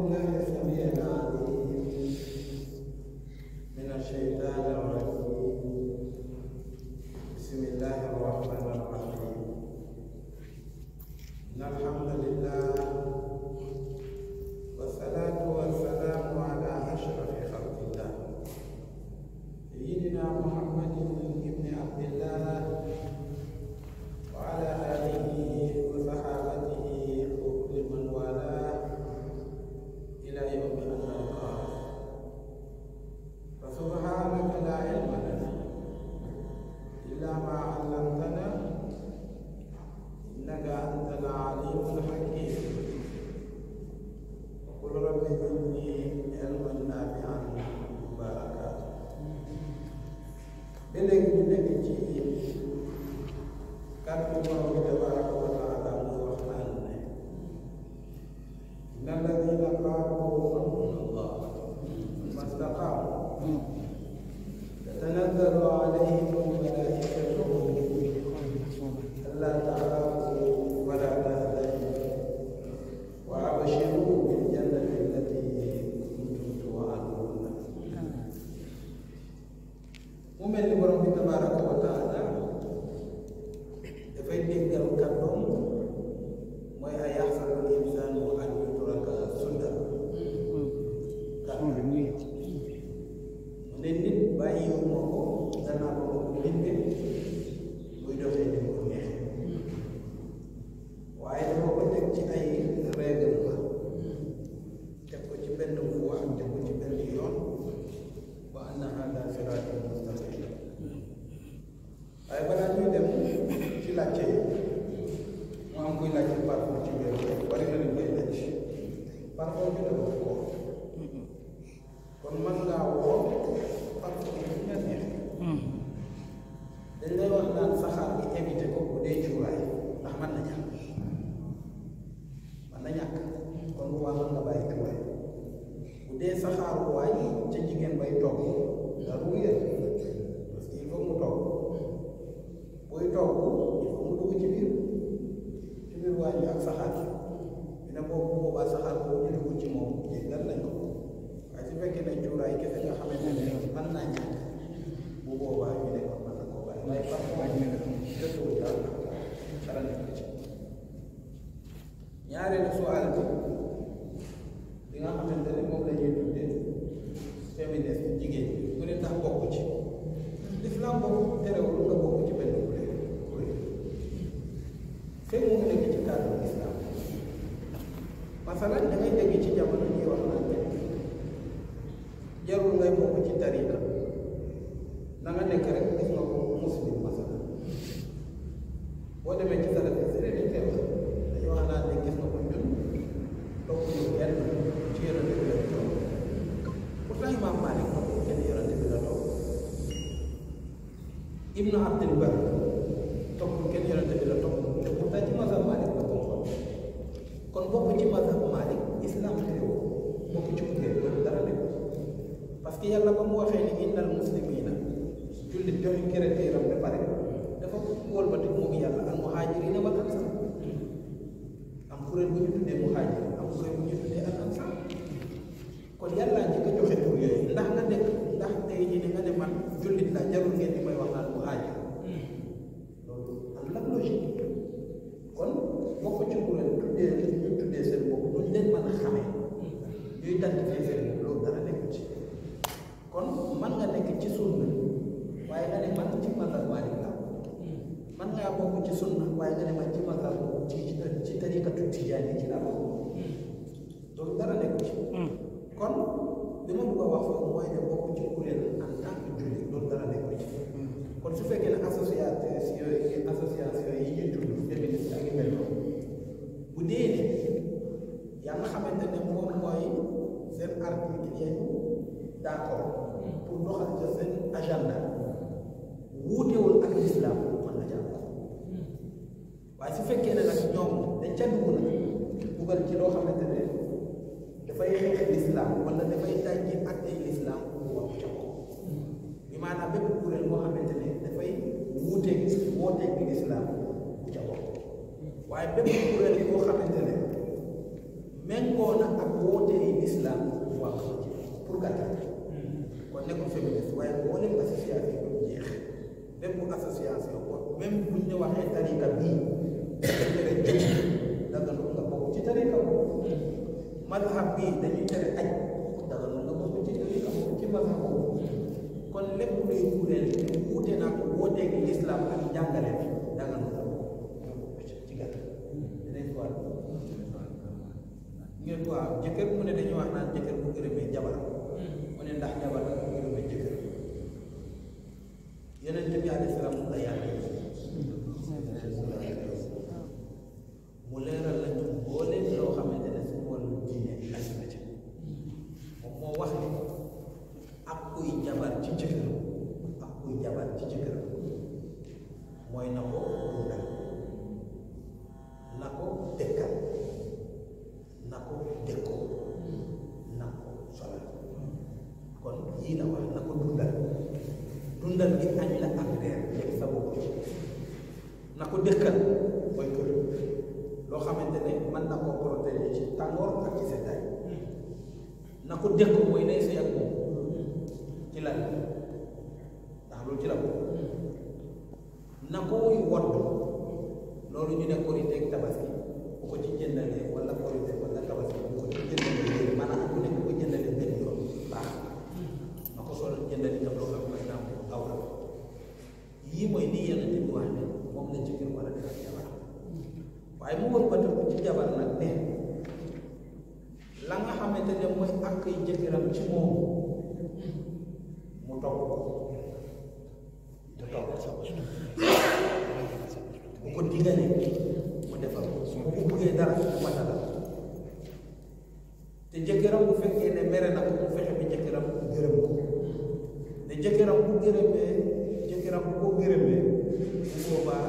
الله السميع العليم من الشيطان الرجيم xamante ne moom la ñuy tuddee féministe jigéen ñi bu ne ndax bokk ci l'islam bokk terewul nga bokk ci benn kuréel fekk mu nekk ci cadre islam masalan da ngay dégg ci jamono ñuy wax naan ne jarul ngay bokk ci tariqa da nga rek nga muslim masalan boo demee ci salaf ibnu abdul bar toppul kenn yonente bi la topp te pourtant ci mazhab malik la bokkoon kon bokk ci mazhab malik islam réew bokk ci kuréel loolu dara nekk parce yàlla ba mu waxee ni innal muslimina jullit joxe kere teeram dafa wëlbati moom yàlla al muhajirina wal ansar baya nga mm. ne ma jëmmal laa ko ci ci tariqa tijaani ci laa ko loolu dara nekk ci kon li ma bëgg a wax foofu mooy ne bokk ci kuréel en tant loolu dara nekk ci kon su fekkee ne association eh, e e yi association yi ñuy tudd féministe ak yu mel noonu bu dee ne yàlla xamante ne moom mooy seen article yi d'accord mm. pour doxal seen agenda wuutewul ak l'islam kon la jàpp waaye su fekkee ne nag ñoom dañ ca dugg na dugal ci loo xamante ne dafay xeex lislaam wala dafay dajji ak ay lislaam pour wax bi maanaam bépp kuréel boo xamante ne dafay wuuteeg wooteeg lislaam bu ca wax waaye bépp kuréel boo xamante ne méngoo na ak wootee lislaam bu wax ci pour gàttal kon nekkul féministe waaye boo leen association bu jeex bépp association même buñ ne waxee tarika bii daganul nga bokk ci tariqa boobu madhab bi dañuy tere aj daganul nga bokk ci tariqa kon lépp luy kuréel wuute naa ko wooteeg lislaam ak jàngale daganul nga bokk ci gàttal dinañ ko war jëkkër mu ne dañuy wax naan jëkkër bu gërëmee jabar mu ne ndax jabar bu gërëmee jëkkër yeneen jëkk alayhi salaam la yàlla mu leeral la ñu mbooleem loo xamante ne suñu wàllu diine aju na ca moom moo wax ne ak kuy jabar ci jëkkër ak kuy jabar ci jëkkër mooy na ko dundal na ko dëkkal na ko dëkkoo na ko solal kon yii la wax na ko dundal dundal gi añ la ak reer sa na ko dëkkal mooy kër loo xamante ne mën na koo protéger ci tàngoor ak ci seddaay hmm. na ko dëkk mooy day sëy ak ci lan ndax loolu ci la ko hmm. na koy wattu loolu ñu ne ko ak tabaski bu ko ci jëndalee wala korite wala tabaski bu ko ci jëndalee bu ko digalee mu defal su ma ko bëggee dara mu mën a dara te jëkkëram bu fekkee ne mere na ko mu fexe ba jëkkëram gërëm ko te jëkkëram bu gërëmee jëkkëram bu ko gërëmee bu boobaa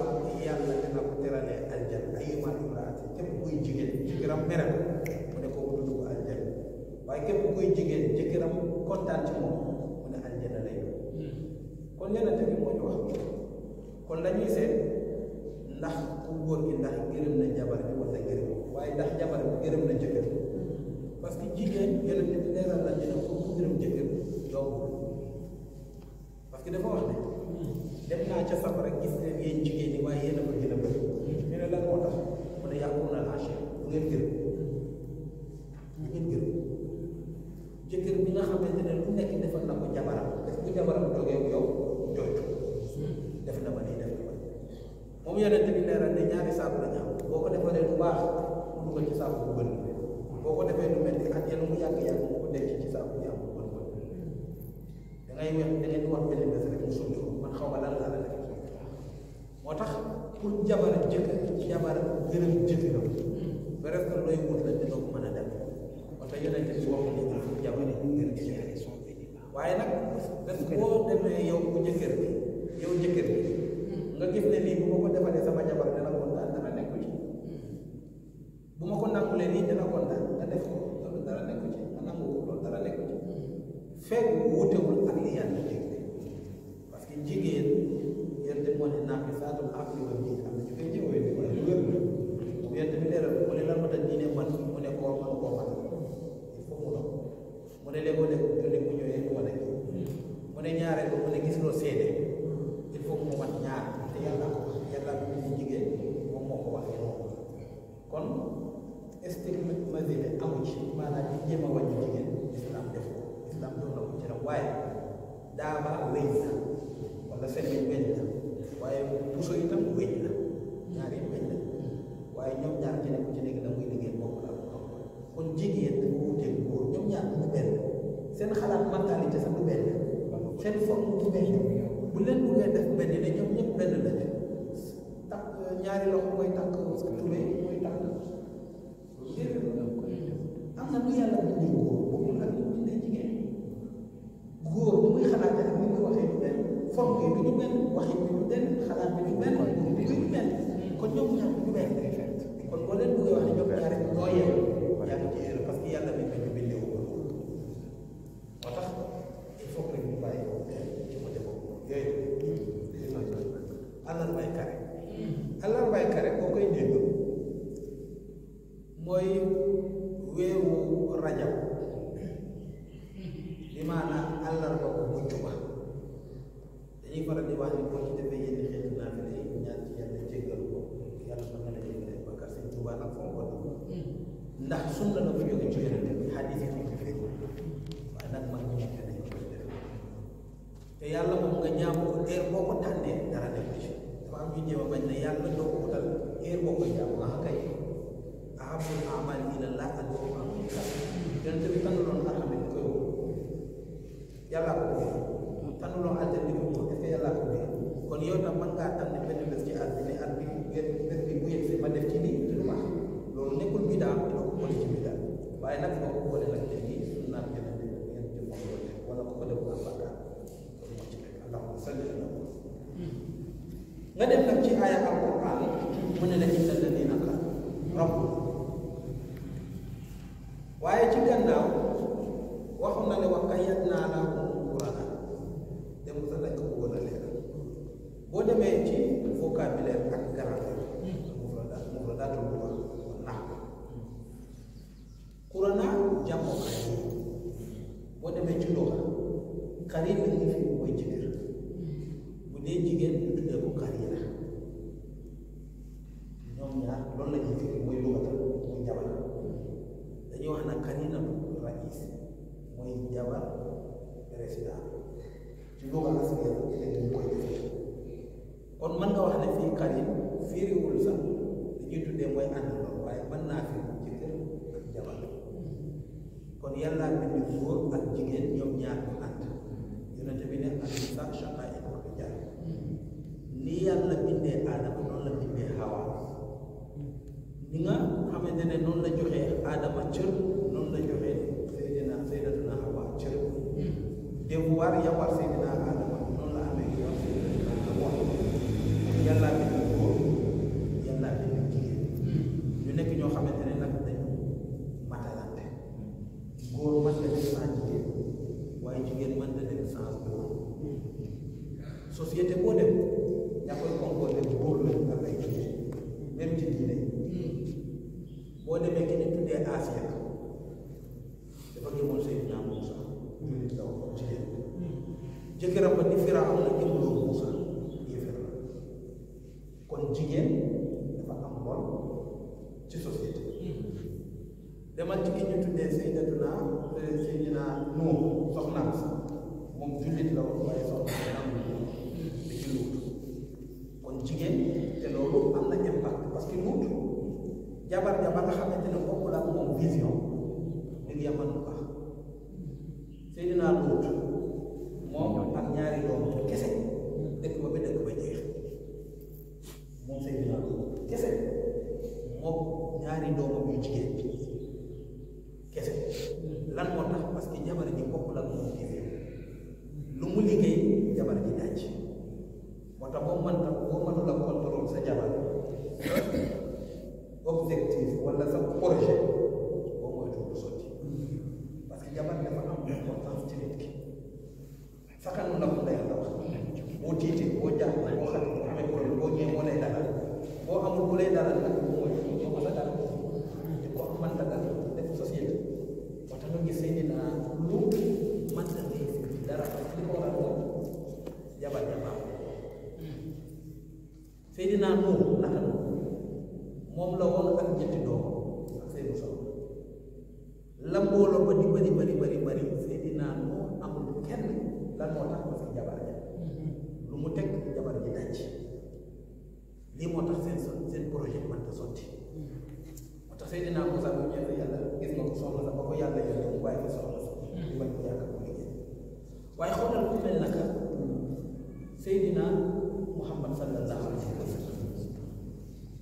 yàlla dina ko teralee aljanna ayman imraati képp kuy jigéen jëkkëram mere ko mu ne ko wutu dugg aljanna waaye képp kuy jigéen jëkkëram kontaan ci moom mu ne aljanna lay kon leneen tamit moo ñu wax kon la ñuy seet ndax ku góor gi ndax gërëm na jabar bi wala gërëm waaye ndax jabar bi gërëm na jëkkër parce que jigéen gërëm na leeral na dina ko ku gërëm jëkkër donc parce que dafa wax ne dem naa ca safara gis leen yéen jigéen ñi waaye yéen a ko gën a bëri ñu ne lan moo tax mu ne yàqu na lâché bu ngeen gërëm bu ngeen gërëm jëkkër bi nga xamante ne lu nekk defal na ko jabaram def ko jabaram toogee yow na ma nii def na ma moom yonent baax mu dugal ci saabu bu bëri boo ko defee lu man xaw ma lan la la moo tax pour jabar jëkkër jabar gërëm jëkkëram presque looy wut la dina ko a def waaye nag bés demee yow bu jëkkër bi yow jëkkër nga gis ne lii bu ko defalee sama jabar dana kontaan dana nekku ci bu ko nangulee nii dana kontaan nga nekku ci nga nangu ko loolu dara nekku ci fekk wuutewul ak li yàlla digle parce que jigéen yéen moo ne naaqisaatu l-aqli wal diin am man mu koo man koo man il faut mu dox mu ne mu ñëwee wala mu ne ñaareel ba mu ne gis loo seede foog mu mat ñaar ko yàlla moom kon stigmatisé a wàññi jigéen islam def ko ko ci nag waaye daaba wéñ na wala semaine wéñ na waaye ci nekk ci nekk da muy liggéey bokk kon jigéen dafa wuteeg góor ñoom ñaar du benn seen xalaat mentalité sax du benn seen bu leen buggee def benn ne ñoom ñëpp benn lañu takk ñaari loxo mooy takk tubé mooy takk am na lu yàlla bu ñu góor bu muy xalaatee ak ni muy waxee bi benn waxin bi du benn xalaat bi du benn du benn kon ñoom benn kurana jàmmoo xarit boo demee ci looga xarit la ñu fi mooy jigéen la ñoom ñaar loolu la ñuy firi mooy looga mooy jabar dañuy wax nag xarit na rais mooy jabar président ci looga askan lañu koy defee kon mën nga wax ne fii xarit firiwul sax li ñuy tuddee mooy ànd waaye mën naa fi kon yàlla bind góor ak jigéen ñoom ñaar ñu ànd yonente bi ne al-insa shaqaa'iqu rijaal ni yàlla bindee aadama noonu la bindee hawa ni nga xamante ne noonu la joxee aadama cër noonu la joxee seydina seydatuna hawa cër devoir ya war seydina aadama noonu la amee ya war seydina hawa yàlla yërmande leen sens boobu société boo dem ña koy composé góor la ak ay jigéen même ci diine boo demee ki ñu tuddee Asiya dafa gëmoon Seydina Moussa jullit la woon jigéen jëkkëram ba ni Firaw la gëmuloo Moussa yëfër la kon jigéen dafa am lool demal ci ki ñu tuddee Seydatuna euh, Seydina Nuux soxnaam si moom jullit la woon waaye soxna am da ci luut kon jigéen te loolu am na impact parce que luut jabar ja ba nga xamante ne bokkul ak moom vision li nga lu mu teg jabar ji daj lii moo tax seen so seen projet mën ta sotti moo tax seen dinaa Moussa mu ñaan yàlla gis nga ko soxla sa ba ko yàlla yàlla mu bàyyi ko soxla sa di bañ ko yàgg mu liggéey waaye xoolal ku mel naka Seydina Muhammad sallallahu alayhi wa sallam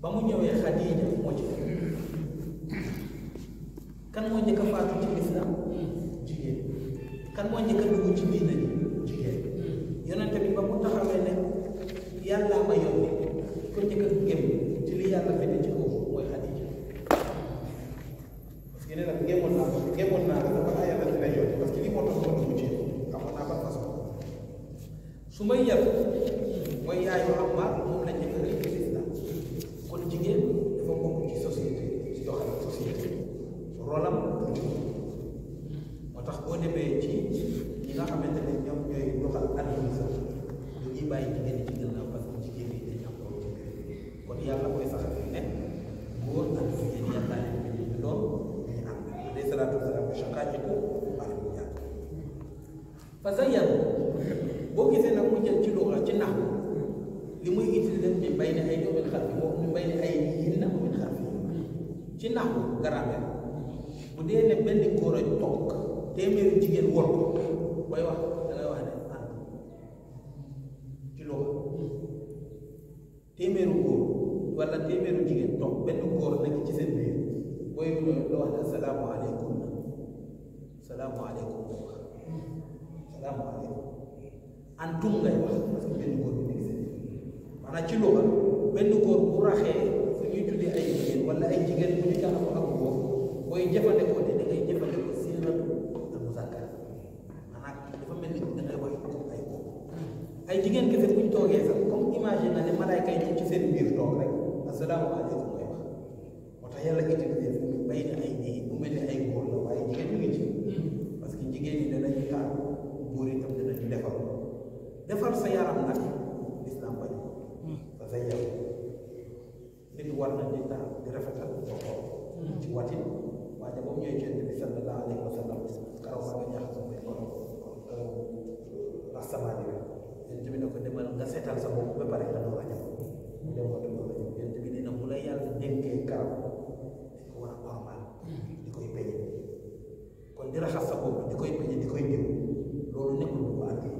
ba mu ñëwee Xadiija moo ci kan moo njëkk a faatu ci lislaam jigéen kan moo njëkk a dugg ci diina ji jigéen yonent bi ba mu taxawee ne yàlla ma yónni ko njëkk a gëm ci li yàlla fi ci kaw mooy Xadija parce que nee na gëmoon naa ko gëmoon naa la dafa yàlla fi lay parce que li moo tax moo dugg ci xamoon naa ban façon su may yar mooy moom la njëkk a kon jigéen dafa bokk ci société ci doxal société rolam moo tax boo demee ci ñi nga xamante ne ñoom ñooy doxal administration ñu ñuy bàyyi jigéen ñi ci gannaaw parce jigéen ñi ci kër gi kon yàlla mooy saxal fi ne góor ak ko ñu am alayhi salaatu wasalaam ko chaqaajiku baax mu ñaar fa zayyanu boo gisee nag mu jël ci lu ci nax li muy itil leen mi bay ne ay doomin xar bi moom mi bay ne ay yéen na min xar bi ci nax garaameel bu dee ne benn góor a toog téeméeri jigéen wor ko booy wax dangay wax ne ah ci loxo téeméeru góor wala téeméeru jigéen toog benn góor nekk ci seen biir booy bu ñëwee loo wax ne salaamaaleykum salaamaaleykum salaamaaleykum antum ngay wax parce que benn góor bi nekk seen biir maanaam ay jigéen wala ay jigéen bu ñu taxaw ak góor booy jëfandikoo te da ngay jëfandikoo toogee sax comme imagine na ne malaayka ci seen biir toog rek asalaamaaleykum mooy wax moo tax yàlla utilisé fu ñu bay la waaye jigéen ñu ngi ci parce que jigéen ñi danañu taal góor yi tam danañu defar defar sa yaram nag lislaam bañ sa sa yaram nit war na di taal di rafetal sa xol ci watin waaye boobu ñooy jënd bi sallallahu alayhi wa sallam karaw ma nga yonent bi ne ko demal nga seetal sa bopp ba pare nga doog a ñëw mu dem bi nee na mu la yàlla dénkee garab dañ ko war a ormal di kon di sa bopp di koy diw loolu ko àndee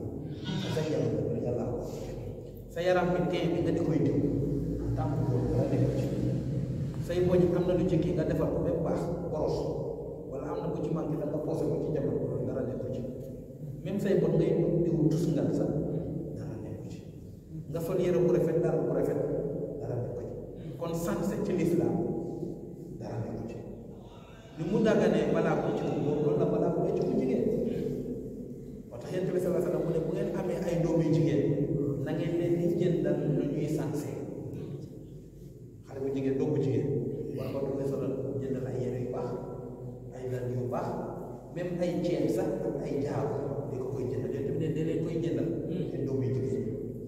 sa yaram ko sa yaram bi nga di koy diw tàmm loolu am na lu ci kii nga defar ko ba baax boros wala am nga posé ko ci jamono dara nekk ngay diw tus ngal sax nga sol yére bu rafet dara bu rafet dara ne ko ci kon sanse ci lislaam dara ne ko ci ni mu dagganee balaa ko ci ko góor loolu la balaa ko ci ku jigéen moo tax yent bi sallallahu alayhi wa sallam mu ne bu ngeen amee ay doom yu jigéen na ngeen leen di jëndal lu ñuy sanse xale bu jigéen doom bu jigéen waaw kon ne solal jëndal ay yére yu baax ay lal yu baax même ay ceen sax ak ay jaaw di ko koy jëndal yent bi ne da leen koy jëndal te doom yu jigéen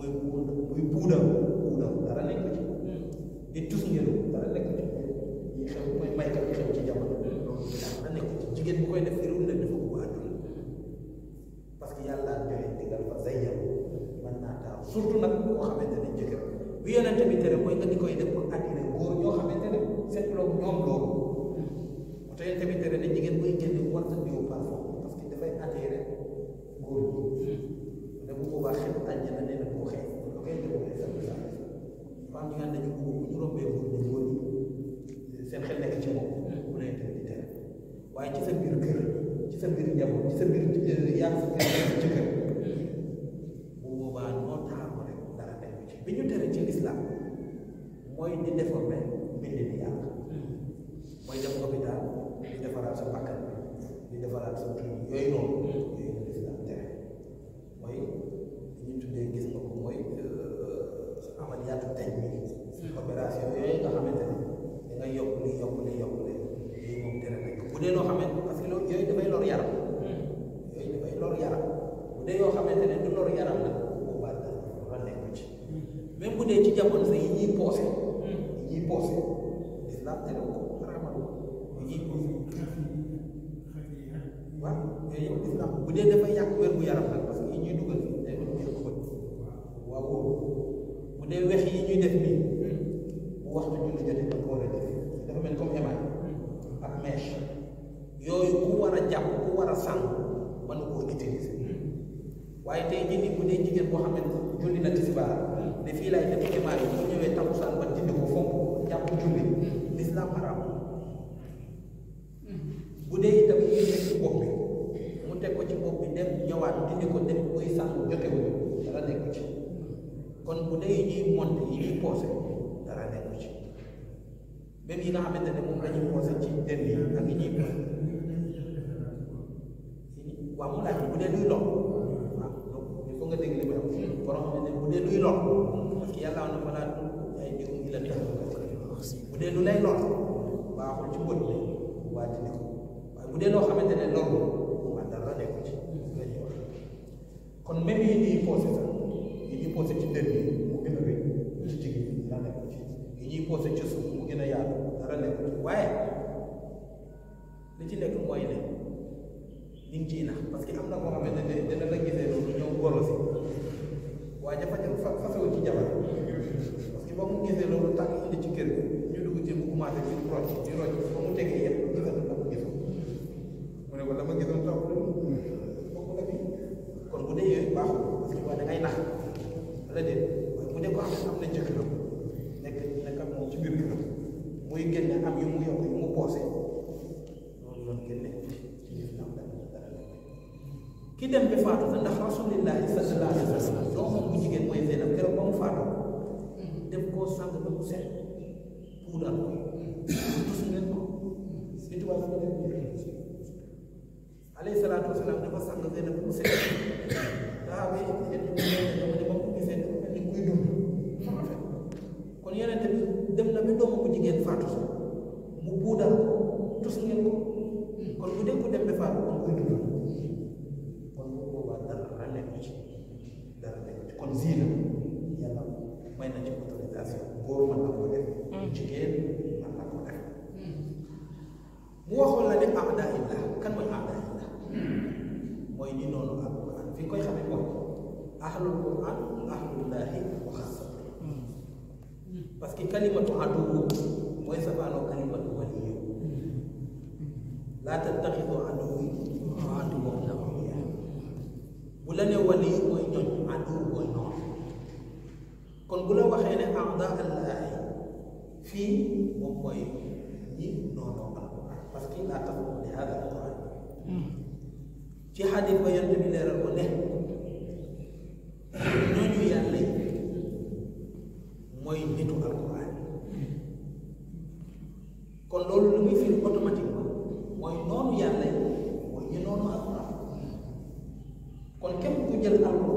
muy buuda muy buuda buuda dara nekk ci di hmm. tus ngelu dara nekk ci yi xew mooy maykat yi xew ci jamono hmm. loolu dara nekk ci jigéen bu koy def firul la dafa bëgg a dund parce que yàlla joxe digal fa zayyam mën naa taaw surtout nag koo xamante ne jëkkër bi yonente bi tere mooy nga di koy def pour attirer góor ñoo xamante ne seen loolu ñoom loolu mu hmm. te yonente bi tere ne jigéen buy génn war a ñëw parfum parce que dafay attirer góor ñi bu boobaa xel àjjana nee na boo xëy boo xëy boo xëy sax sax waaw ñu naan dañu ci moom mu ne itam di tere waaye ci sa biir kër ci sa biir njaboot ci sa biir yaa sa biir ci kër boobaa noo taamu rek dara nekk bi ñu tere ci lislaam mooy di déformé mbindi di yàlla mooy dem hôpital di defaraat sa bakkan di defaraat sa kii yooyu noonu jamono sa yi ñuy poosé hmm. yi ñuy poosé islam tere ko xaraamal yi ñuy poosé waaw yooyu yëpp islam parce que yi ñuy dugal fii day doon ko war a def dafa mel comme émail ak mèche yooyu ku war a jàpp ku war a sànq mën koo utiliser waaye tey jii nii bu dee jigéen boo xam ne julli na tisbaar ne fii laay def ci maay bu ñëwee takkusaan ba dindi ko fomp jàpp julli lislaam haram bu dee itam ñu ci ko ci bopp bi dem ñëwaat dindi ko dem muy sax jotewul dara nekku ci kon bu dee yi ñuy monte yi ñuy poose dara nekku ci même yi nga xamante ne moom la poose ci dënn yi ak yi ñuy poose waaw mu laaj bu dee luy lox nga dégg li may wax borom xam ne bu i luy lor parce que yàlla na fa laa dugg ay déglu la tax bu dee lu ci mbóot la waa di ko waaye bu dee loo xamante ne lor moom ci lañuy wax kon même yi ñuy posé sax mu gën a wéy ci a yaatu dara ci waaye li ci nekk mooy ne li nga ciy parce que am na koo xamante ne dina la gisee noonu ñëw golo si waaye dafa ñëw fa fasawu ci jabar parce que ba mu gisee loolu tànk indi ci kër gi ñu dugg ci mu commencé di rocc di ba mu tegee yëpp gisal na ko gisul mu ne ko dama gisoon taw bi bokk na fi kon bu dee yooyu baaxul parce que waa da ngay nax la déet ko xam ne na jëkkëram nekk nekk ak moom ci biir këram muy génne am yu mu yokk yu mu poosé loolu ki dem bi faatu na ndax rasulillahi sallallahu alayhi wa sallam doomam bu jigéen mooy Zeynab keroog ba mu faatu dem koo sàng ba mu set puudar ko gis ngeen ko nit wàllu ko alayhi salaatu wa salaam dem na bi doomam bu jigéen faatu mu puudar ko tus ko kon bu dee ko dem bi faatu kon kuy dund kon sii la yàlla may na ci autorisation góor mën na ko def mm. jigéen mën na ko def mm. mu waxoon la illa kan mooy amda illa mooy ni noonu alquran fi koy xamee mooy ahlul quran ahlullahi wa xasatu mm. parce que kalimatu aduwu mooy safaanoo kalimatu waliyu laa tattaxidu aduwi wa aduwum bu la ne wali mooy ñoñ aduw mooy noonu kon bu waxee ne amda allahi fii moom mooy ñi noonoo alquran parce que laa tax li hada alquran hmm. ci xadit ba yonte bi leeral ko ne ñooñu yàlla yi mooy nitu alquran hmm. kon loolu lu muy firi automatiquement mooy noonu yàlla yi 有了。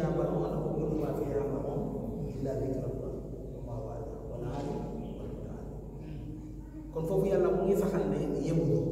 يعلم انه يخفى في عملهم الا ذكر الله الله اعلم والعالم والمتعلم كن فوق يلا مو يفحل يبدو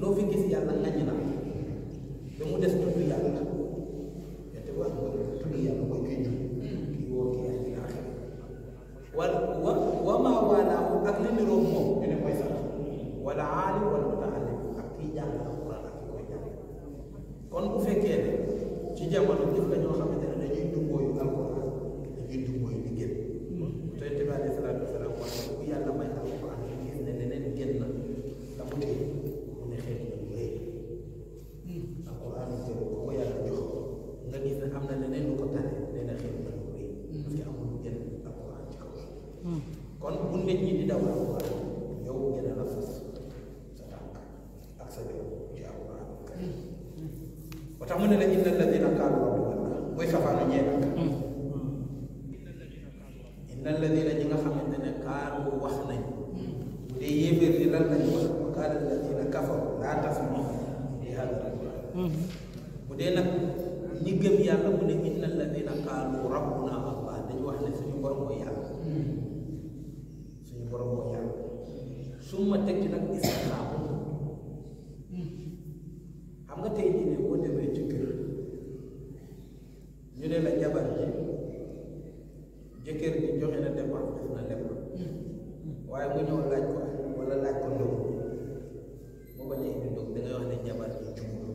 loo fi gis yàlla nañ na ba mu des tudd yàlla ya te wax nga tudd yàlla mooy koy ñëw kii woo kii ay dina xel wal wa wa maa waalaahu ak li niroo moom ñu ne mooy sax wala aali wala mutaalim ak kii jàng alquran ak koy jàng kon bu fekkee ne ci jamono jëf la ñoo xamante ne dañuy dungoo yu alquran su ma teg ci nag istixaaba xam nga tey jii ne boo demee ci kër ne la jabar ji jëkkër ji joxe na dépense def na lépp waaye mu ñëw laaj ko laaj ko ndóol boo ko ñëwee ñu ndóol da ne jabar ji jubul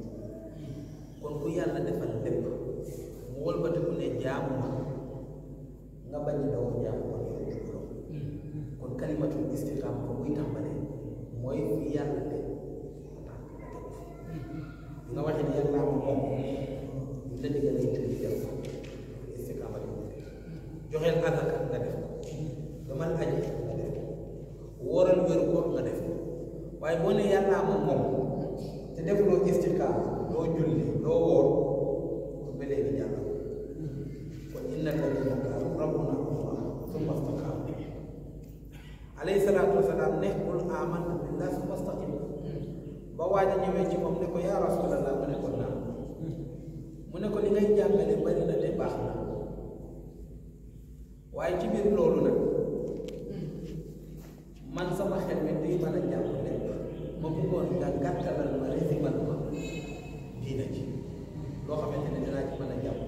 kon ku yàlla defal lépp mu wëlbati ku ne jaamu ma nga bañ a daw jaamu ma kalimatul istiqaama ko muy tàmbalee mooy fi yàlla de nga waxee ne yàlla moom ñu la digal ngay julli def ko istiqaama de joxeel azaka nga def ko damal aji nga def ko wóoral ko waaye boo ne yàlla moom te def loo istiqaama loo julli alayhi salaatu wasalaam nekkul amantu billah wastaqim ba waaj a ci moom ne ko yaa rasulallah mu ne ko mu ne ko li ngay jàngale bari na de baax na waaye ci biir loolu nag man sama xel mi day mën a jàpp ne ma bëggoon nga gàttalal ma résimal ma diina ci loo xamante ne dinaa ci mën a jàpp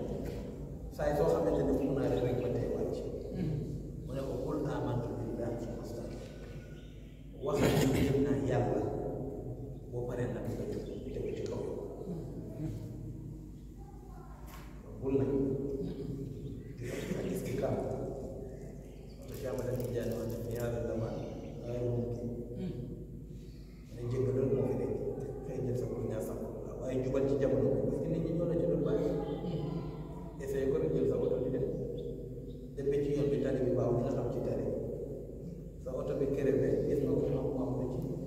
saa yi soo xamante ne mun naa def rek ma teewaat ci mu ne ko kul amantu wax nañu gëm naa yàlla boo paree nag nga jóg dem ci kaw bul nag di wax nga gis ci kaw wala jàmm dañ ñu jaay wax ne yàlla dama ay moom kii ne jëng loolu moo fi nekk xëy na sa ñaar sax waaye jubal ci jamono parce que nit ñi ñoo la ci doon bàyyi essayé ko rek jël sa oto di dem dem ci yoon bi tali bi baaw dina xam ci tali oto bi crevé gis nga ko xam-xam la ci kii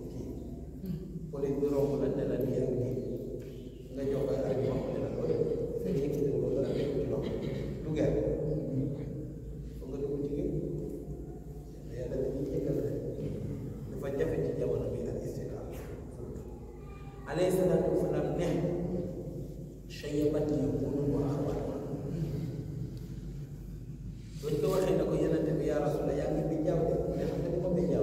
hmm. police bi romb la ne la lii ak lii nga jox ko ak ñoom dina ko def fekk yëkkati ko dara def ci loxo du gën ba nga dugg ci gën mais yàlla dañuy jëkkal rek dafa jafe ci jamono bi ak istiqaam alayhi salaatu wasalaam ne chayabat yi mënu ko xabaar buñ ko waxee ne ko yeneen bi yaa rasulallah yaa ngi bi ñaaw de mais xam nga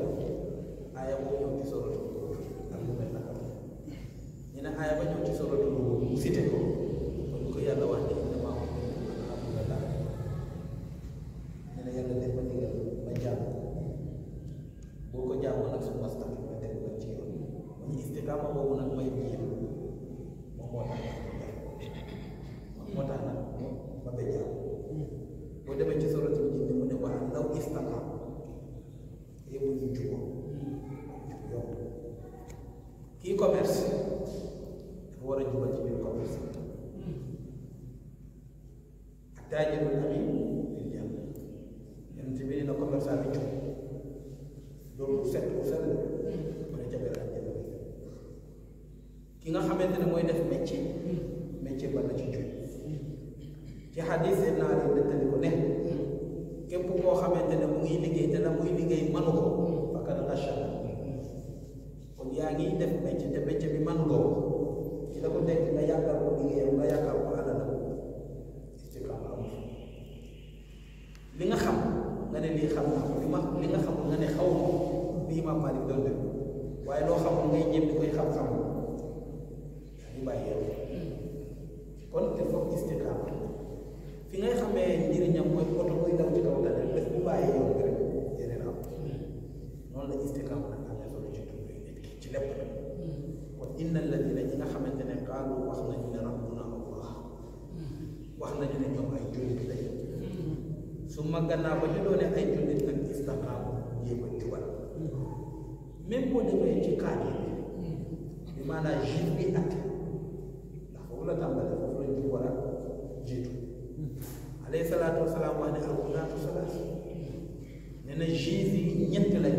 xam gannaaw ba ñu doone ay jullit ak islaam yéen a jubal même boo demee ci kaani bi maanaam juif bi at ndax foofu la tàmbalee foofu la ñu war a jiitu alayhi salaatu wasalaam wax ne alxuraatu salaat nee na juif yi ñett lañ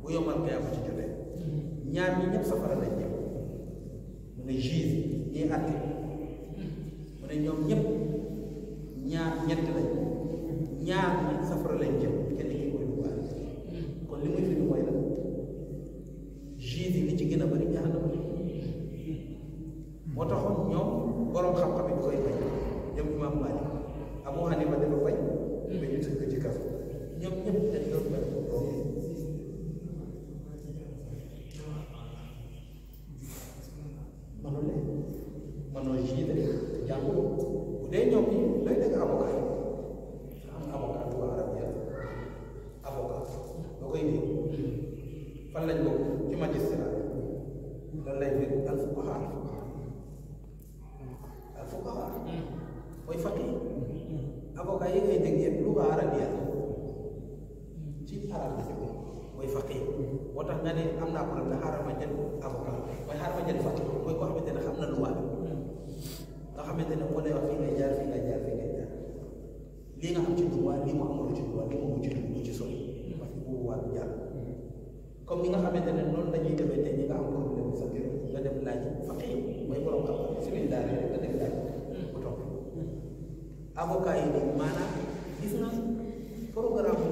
bu yomal qiyaama ci jotee ñaar ñi ñëpp safara lañ ñëpp mu ne juif ñii at mu ne ñoom ñëpp ñaar ñett lañ ñaar safara lañ jëm kenn ki koy dugal kon li muy firi mooy la juif yi li ci gën a bari jahannam moo taxoon ñoom borom xam-xam yi koy bañ ñoom Imaam Maalik ñu tëj ko ci kaso ñoom ñëpp dañ doon bañ manoo leen bu dee ñoom ñi looy dëgg avocat avocat bu arab ya avocat boo koy nii fan lañ bokk ci magistrat ya. lan lay fi al fuqaha al fuqaha mooy hmm. faqi avocat yi ngay dégg yëpp lu arab ya ci arab la mooy faqi moo tax nga ne am naa problème nga xaaral ma jël avocat mooy xaaral ma jël faqi mooy koo xamante ne xam na nga xamante ne lay wax fii ngay jaar fii ngay jaar fii ngay jaar lii nga xam ñi ko amul ci droit ñi ko amul ci droit ci sori parce que boobu war jàll comme ñi nga xamante ne noonu lañuy demee tey ñi nga am problème sa kër nga dem laaj faqih mooy borom xam simi daal nga dem laaj bu topp avocat yi maanaam gis na programme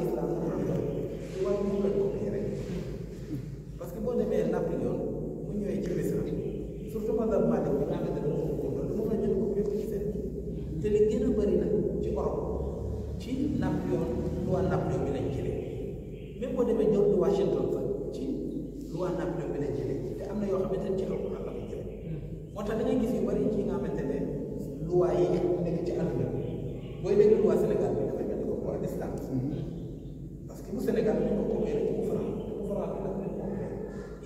parce que bu Sénégal ñu ko coupé rek bu faral bu faral rek lañ ko coupé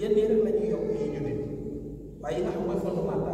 yenn yi rek la ñuy yokk yi ñu ne waaye ndax mooy fondamental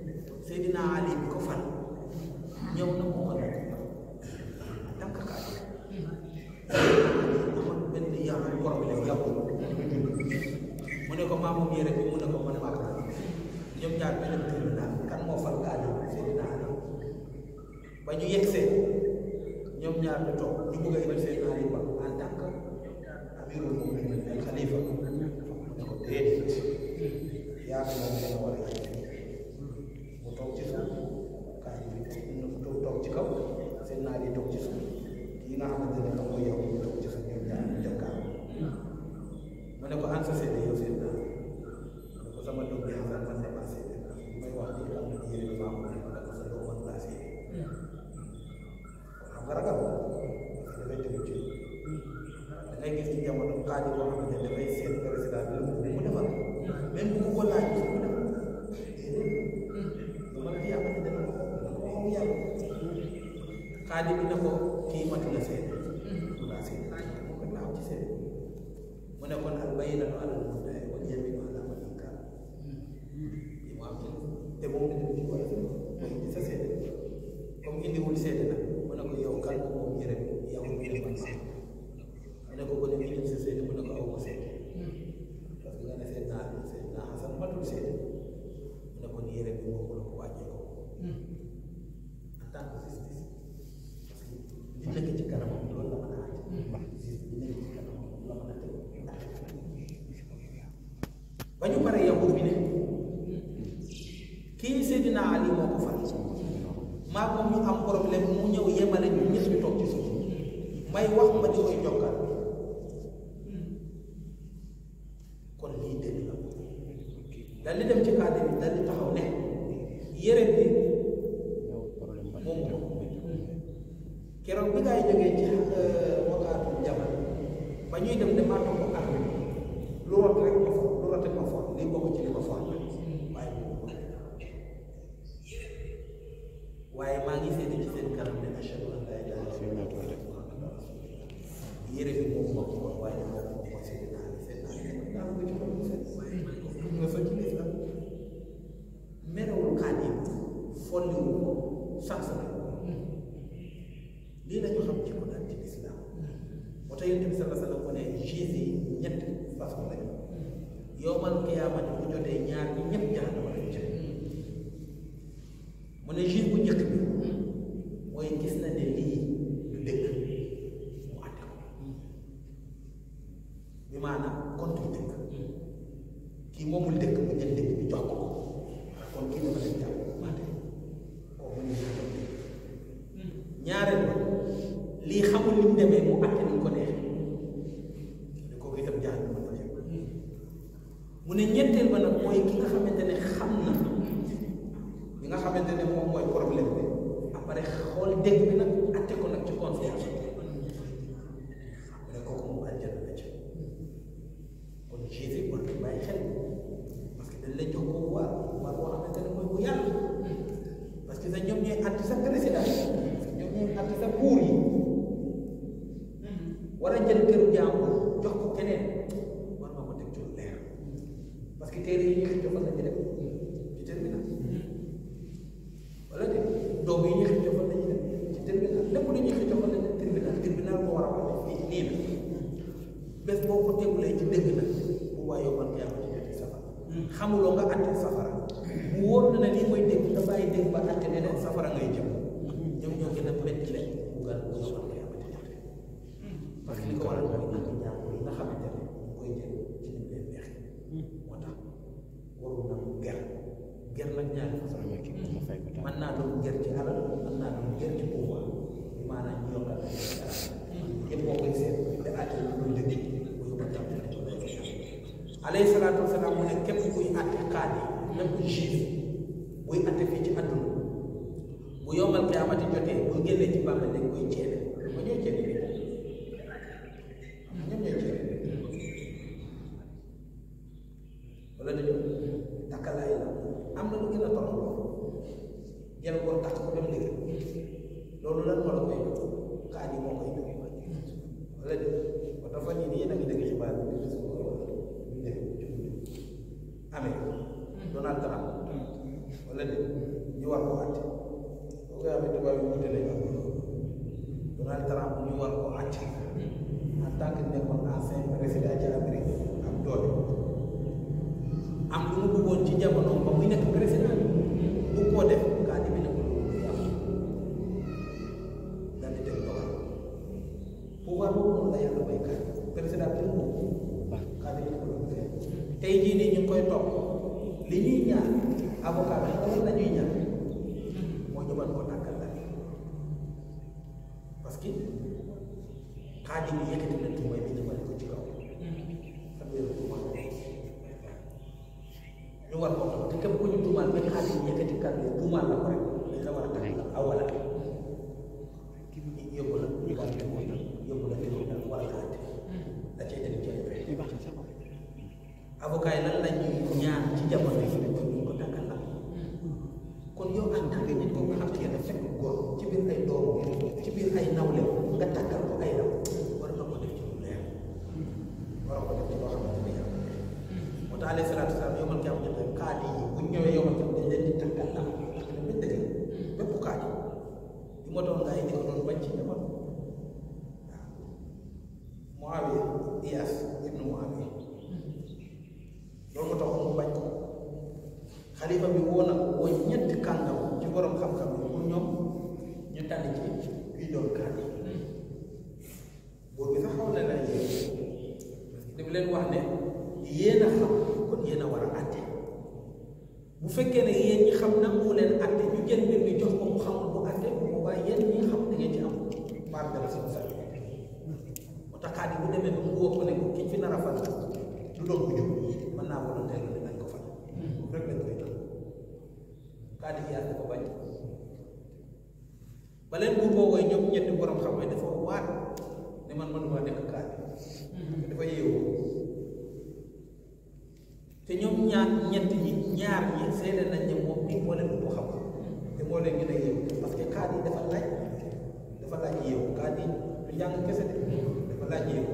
Seydina Ali bi ko fal ñëw na mu ko dànk ka amul benn yàlla problème yàqu mu ne ko maa moom yére bi mu ne ko man maa ko ñoom ñaar benn tribunal kan moo fal gaali Seydina Ali ba ñu yegsee ñoom ñaar ñu toog ñu bëgg a yëgal Seydina Ali ba en tant que amirul mu'minin xalifa mu ne ko déedéet yaa ko moom ci suuf kaay bi am na fu toog ci kaw seen naa di toog ci suuf kii nga xamante ne da mooy yow ñu toog ci suuf ñoom ñaar ñu jàkkaar mu ne ko an sa seede yow seen naa mu ne ko sama doom bi xasan man damaa seede may wax ni am na yéene ba ma ne ko sa doom man laa seede xam nga ragal dafay tegu ci da ngay gis ci jamono kaay boo xamante ne dafay seet président bi lu mu defal même bu ko laaj loolu yàlla di demal moom yàlla xaalis bi ne ko kii la seen laa hmm. seen ko naaw ci seen mu ne ko naan bàyyi na ko alal mu hmm. mu am ci te moom ne ci war mooy ci sa seen comme indiwul seen ne ko yow kal ko moom yëre yow mu ne man seen mu ne ko ko ne mu ne sa seen mu ne ko aw ma seen hmm. parce que nga ne seen naa seen naa xasan matul en tant que justice parce que li a a ba ñu pare yahud bi ne kii Seydina Ali moo ko fal suuf may wax ma di koy jokkal kon lii dëgg la dal di dem ci kàddu bi dal di taxaw ne yére bi moom keroog bi ngay jógee ci euh, wakaatu jaman ba ñuy dem damaa topp arme lu rot rek ma fa lu rote ma fa li bokk ci li ma foon waaye waaye maa ngi seede ci seen kanam ne ashhadu an laa ilaaha illallaah yére bi moom moo ko waaye moo ko seen naa seen naa merewul xaadim folliwu ko sansana ko hmm. lii la ñu xam ci ko daan ci lislaam hmm. moo tax yonent bi sala sala ko ne Jésus ñett façon lañu hmm. yowmal qiyaamati bu jotee ñaar ñi ñëpp jaanama lañ ca mu ne Jésus bu njëkk bi mooy gis na ne lii du dëgg mu àtte ko bi maanaam kontu dëgg kii moomul dëgg mu jël dëgg bi jox ko kon kii dafa dem jàpp wante kooku lii xamul ni mu demee mu àtte ni ko neexee ne mu ne ñetteel ba mooy ki nga xamante ne xam na li nga xamante ne moom mooy problème bi après xool dégg bi nag àtte ko nag ci confiance mu ne kooku moom aljanna la ci kon jéem war na bàyyi xel. la jox ko waa waa boo xamante ne mooy bu yàlla parce que sax ñoom ñooy àtt sa président ñoom ñooy àtt sa buur yi war a jël këru jàmbur jox ko keneen war nga ko teg ci leer parce que téere yi ñuy jox la jëlee ci terminal wala de doom yi ñuy jox la jëlee ci terminal lépp lu ñuy jox la jëlee terminal terminal moo war a ko def fii nii la bés boo ko tegulee ci dëgg nag bu waa yow man yàlla xamuloo nga àtte safara mu wóor na ne mooy dégg nga bàyyi dégg ba àtte leneen safara ngay jëm ñoom ñoo gën a métti lañ bugal mooy soxla parce que li ko waral mooy nga jël nag ñaari façon naa doon ger ci alal mën naa doon ger ci pouvoir maanaam ñu yokkal la ci alal yëpp hmm. boo koy seet te àtte lu dul dëgg bu alayhi salaatu wasalaam mu ne képp kuy àtte xaadi même juif buy àtte fii ci àdduna bu yombal qiyaamati jotee bu génnee ci bàmmeel dañ koy ceene ma ñoo ceene bi ñoom ñooy ceene wala dañu takkalaay la am na lu gën a torox loolu jël ko tax ko dem léegi loolu lan moo la koy xaadi moo koy jóge wala de dafa ñu ni yéen a ngi dégg xibaar bi amee mm. Donald Trump mm. wala de ñu war ko àtte boo koy amee tubaab yi wute lañu Donald Trump ñu war ko àtte mm. en tant que nekkoon ancien président ci Amérique am doole am lu mu duggoon ci jamono ba muy nekk président bu ko tey jii nii ñu ngi koy topp li ñuy ñaan avocat bi xam la ñuy ñaan moo ñu mën ko dàkkal la parce que xaadim yi yëkkati na tuuma bi ñu mën ko ci kaw xam nga ko tuuma ñu war ko te képp ku ñu tuumaal ba xaadim yëkkati kàddu tuumaal la ko rek dañ la war a tax avocat yi lan lañuy ñaan ci jamono yi pour ñu ko dàggal la kon yow en tant que ko nga xam ne yàlla fekk góor ci biir ay doom ci biir ay nawle nga ko nga ko def ci ko def ci moo tax alayhi salaatu salaam yow man ki am jël yi bu ñëwee yow man ki am dañ leen di tàggal la ndax dañ dëgg bépp kaadi bi ma doon nga indi ko doon bañ ci jamono waaw Muawiya Iyaas ibnu Muawiya loolu tax mu bañ ko xalifa bi woo na woo ñetti kàngam ci borom xam-xam yi pour ñoom ñu ci kuy doon kànni boobu sax xaw na la yéen daf leen wax ne yéen a xam kon yéen a war a àtte xam nangu leen àtte ñu mi jox ko mu xamul ñi xam da ci am moo tax bu demee ba mu woo ko ne ko ki ci nar a du doon ko jóg mën naa ko doon teel dinañ ko faj. Hmm. rek lañ koy tax kaadiyaat dafa bañ. baleen bu booboo ñoom ñetti borom xam ne dafa waat ne man mënuma nekk kaadi hmm. dafa yeewoo te ñoom ñaar ñett ñi ñaar ñi seede nañ ne moom dafa laaj yeewu kaadi du jàng kese de hmm. dafa laaj yeewu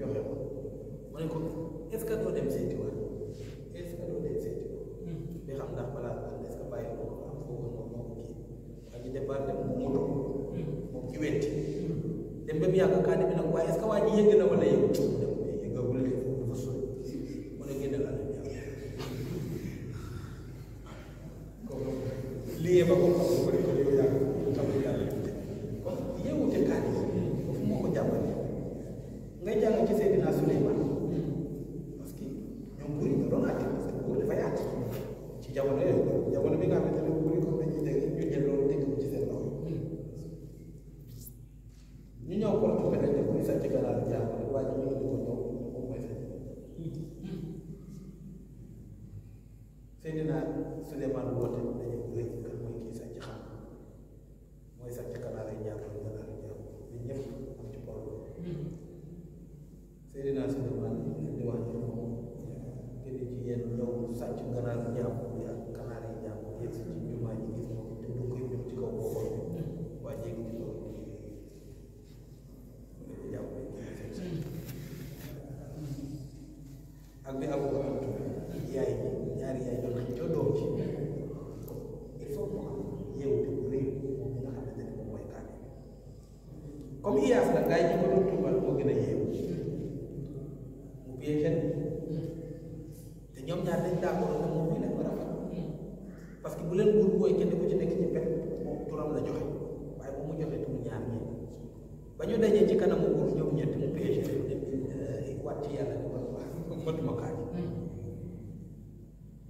ñoo xew ma ko est ce que doo dem seeti waat est ce que doo dem seeti bi hmm. xam ndax balaa ànd est ce que bàyyi ko am foofu moom moo ko kii waaye ñu départ dem mu moto hmm. moom ci wetti hmm. dem ba mu yàgg kaani bi nag waaye est ce que waa ji yëg na wala yëg